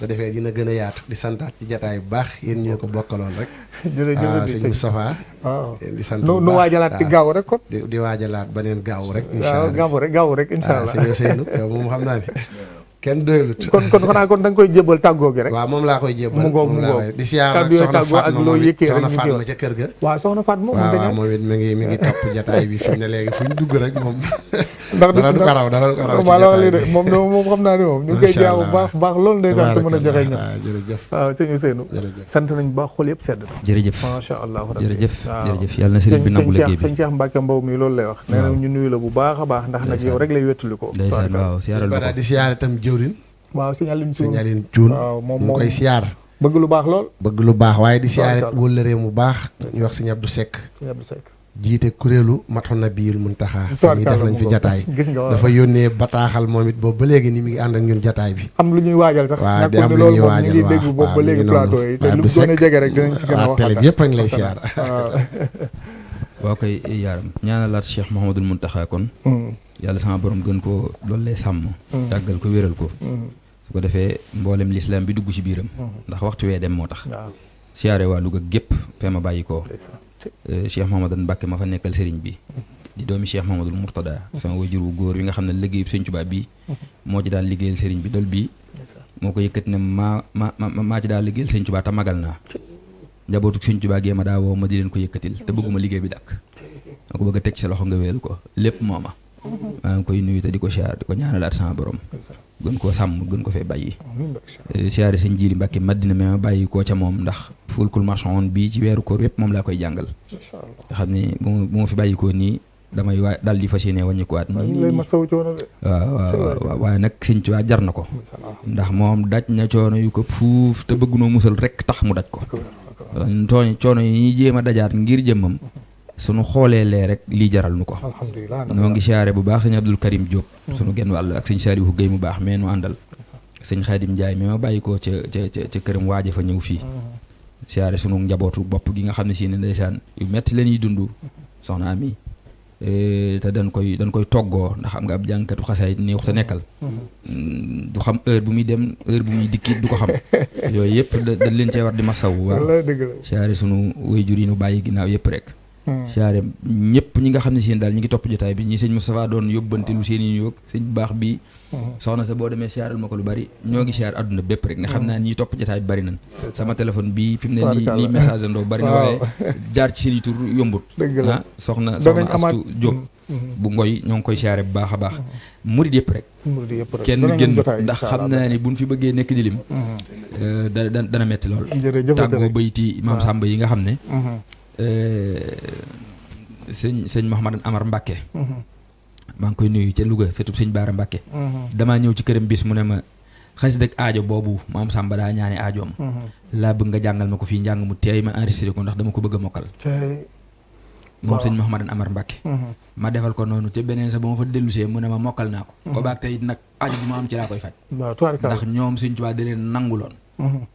ko defee dina gën a yaatu di santaat ci jataay bu baax yéen ñu ko bokkaloon rek jërëjëf ah, sëñ Moustapha waaw di sant nu waajalaat ci ah. gaaw rek kon di di waajalaat beneen gaaw rek incha allah rek gaaw rek incha ah, allah sëñ yow moom xam naa ne kenn doyalut kon kon xana kon dang koy jébal taggo gi rek wa mom la koy jébal mom ngoog mu di siyaar ak soxna taggo ak lo yëkkee rek soxna Fatma ca kër ga wa soxna Fatma waaw waaw mom it mi ngi mi ngi top jotaay bi fi ne léegi fuñ dugg rek mom ndax dara du karaw dara du karaw wa la li de moom moom xam naa ne moom ñu ngi koy jaamu bax bax lool ndeysaan te mën a joxe ñun jërëjëf wa señu Ousseynou sant nañ baax xol yëpp sedd na ma sha allah jërëjëf jërëjëf yalla na sëriñ bi nangul liggéey bi sëñ Cheikh Mbacke mbaw mi lool lay wax neena ñu nuyu la bu baaxa baax ndax nak yow rek lay wettali ko ndeysaan waaw siyaara di siyaare tam jëwrin waaw sëñ Alioune Thioune sëñ Alioune Thioune waaw moom moom koy siyaar bëgg lu baax lool bëgg lu baax waaye di siyaare wëllëree mu baax ñu wax sëñ Abdou Seck sëñ Abdou jiite kuréelu matoon na biir mun taxaa fa ñuy def nañ fi jataay dafa yónnee bataaxal moom it boobu ba léegi ni mi ngi ànd ak ñun jataay bi am lu ñuy waajal sax waaw di am lu ñuy waajal ngi dégg boobu ba léegi plateau yi a a wax télé bi yëpp a ngi lay siyaar waaw koy yaaram ñaanalaat Cheikh Mouhamadul Mountakha kon mm. yàlla sama borom gën koo loolee sàmm mm. yàggal ko wéral ko mm. su ko defee mboolem lislaam bi dugg ci biiram ndax waxtu wee dem moo tax siyaare waa Louga gépp fee ma bàyyi koo eh, Cheikh Mouhamadan Mbàkke ma fa nekkal sëriñ bi di doomi Cheikh Mouhamadul Mourtada sama wajur wu góor wi nga xam ne liggéeyub Sëriñ Tuubaa bi moo ci daan liggéeyal sëriñ bi dol bi moo ko yëkkati ne maa maa maa ci daan liggéeyal Sëriñ Tuubaa te magal njabootu sëñ Tuubaa gee ma daa woo ma di leen ko yëkkatil te bëgguma liggéey bi dàkk ma ko bëgg a teg ci sa loxo nga wéelu ko lépp moo a maa ngi koy nuyu te di ko siyaar di ko ñaanalaat sama borom gën koo sàmm gën ko fee bàyyi eh, siyaare sëñ Jiiri Mbàkke Madina ma bàyyi koo ca moom ndax fulkul marchand bii ci weeru koor yépp moom laa koy jàngal xam ne bu ma fi bàyyi koo nii damay wa daal di fa fas yéene wàññikuwaat nii waaw waaye nag sëñ waa jar na ko ndax moom daj na coono yu ko fuuf te bëgg noo musal rek tax mu daj ko tooñ coono yi ñuy jéem a dajaat ngir jëmmam sunu xoolee lee rek lii jaral nu ko alhamdulilah noo ngi siyaare bu baax sëñ Abdul Karim Diop mm-hmm. suñu genn wàll ak sëñ Saalihu géey mu baax mee nu àndal sañ Xaadim Njaay mi ma bàyyi ko ca ca ca këram waaja fa ñëw fii mm-hmm. siyaare sunu njabootu bopp gi nga xam ne si ne ndeysaan yu metti la ñuy dund mm-hmm. soxna ami Eh, te dañ koy dañ koy toggoo ndax xam nga ab jàngkatu xasaay neexu te nekkal mm-hmm. du xam heure bu muy dem heure bu muy dikki du ko xam yooyu yëpp dañ leen cee war di masaw waaw siyaare sunu waajur yi nu bàyyi ginnaaw yëpp rek Hmm. siyaare ñëpp ñi nga xam ne seen daal ñi ngi topp jotaay bi ñi sëñ Moustapha doon yóbbante lu seen i yoog sëñ bu baax bi hmm. soxna sa boo demee siyaaral ma ko lu bari ñoo ngi siyaar adduna bépp rek ne xam hmm. naa ñi i tur yombut ah soxna soxna Astu Jóob bu ngoy ñoo ngi koy a baax murid yëpp rek kenn gën ndax xam naa ne buñ fi bëggee nekk di lim euh, da dana metti lool tàggoo bayti maam Samba yi nga xam ne Euh, sëñ sëñ Mouhamadou Amar Mbacke. Mhm. maa ngi koy nuyu ca Louga sëtub sëñ Baara Mbacke. Mhm. damaa ñëw ci këram bis mu ne ma xas dëgg aajo boobu mu am Samba daa ñaane aajoom. Mhm. laa bëgg nga jàngal ma ko fii njàng mu teey ma enregistré ko ndax dama ko bëgg a mokkal. moom sëñ Mouhamadou Amar Mbacke. ma defal ko noonu te beneen sax ba ma fa dellusee mu ne ma mokkal naa ko. ko baag tey nag aajo bi ma am ci laa koy faj. ndax ñoom sëñ Tuubaa da leen nanguloon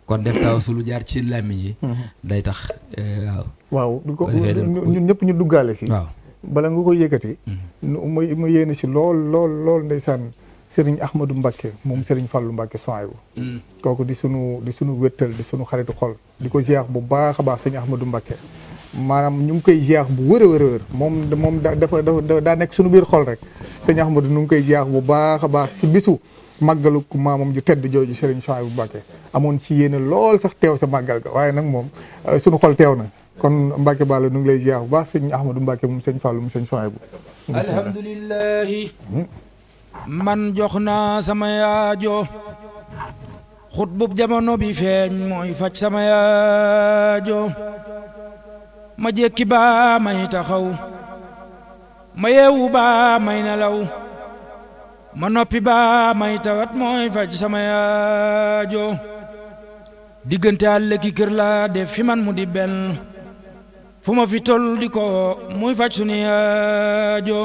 kon def tawasul lu jaar ci làmmiñ yi mhm. day tax eh, waaw. waaw ñun ñëpp ñu duggaale si. waaw bala nga koy yëkkati. mu mhm. mu yéene si lool lool lool ndeysaan Serigne Ahmadou Mbacke moom Serigne Fallou Mbacke Sohaibou. Mhm. kooku di sunu di sunu wéttal di sunu xaritu xol. di ko ziar bu baax a baax sëñ Ahmadou Mbacke. maanaam ñu ngi koy jeex bu wër a wër a moom moom dafa dafa daa nekk suñu biir xol rek sëñ Ahmadou nu ngi koy jeex bu baax a baax si bisu màggalu ku maamam ju tedd jooju Serigne Chouaïbou Mbacké amoon si lool sax teew màggal waaye nag moom euh, suñu xol na kon Mbacké Balla nu ngi lay bu baax sëñ Ahmadou Mbacké moom sëñ Fallou moom sëñ Chouaïbou hmm? man jox naa sama yaajo xutbub jamono bi feeñ mooy faj sama yaajo ma jékki baa may taxaw ma yeewu baa may nelaw ma noppi baa may tawat mooy faj sama yaajo diggante àll ki kër laa fi man mu di benn fu ma fi toll di ko muy faj sunu yaajo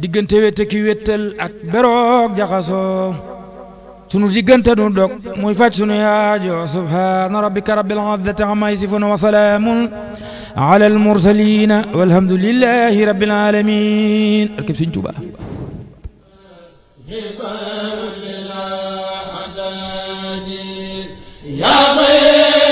diggante wette ki wettal ak beroog jaxasoo sunu diggante nu dog muy faj sunu yaajo subhaana rabbika rabbil izzati ammaa yasifuun wa salaamun alal mursaliin walhamdulillahi rabbil aalamiin arkib Sëñ Tuubaa بكل العدد يا ضيف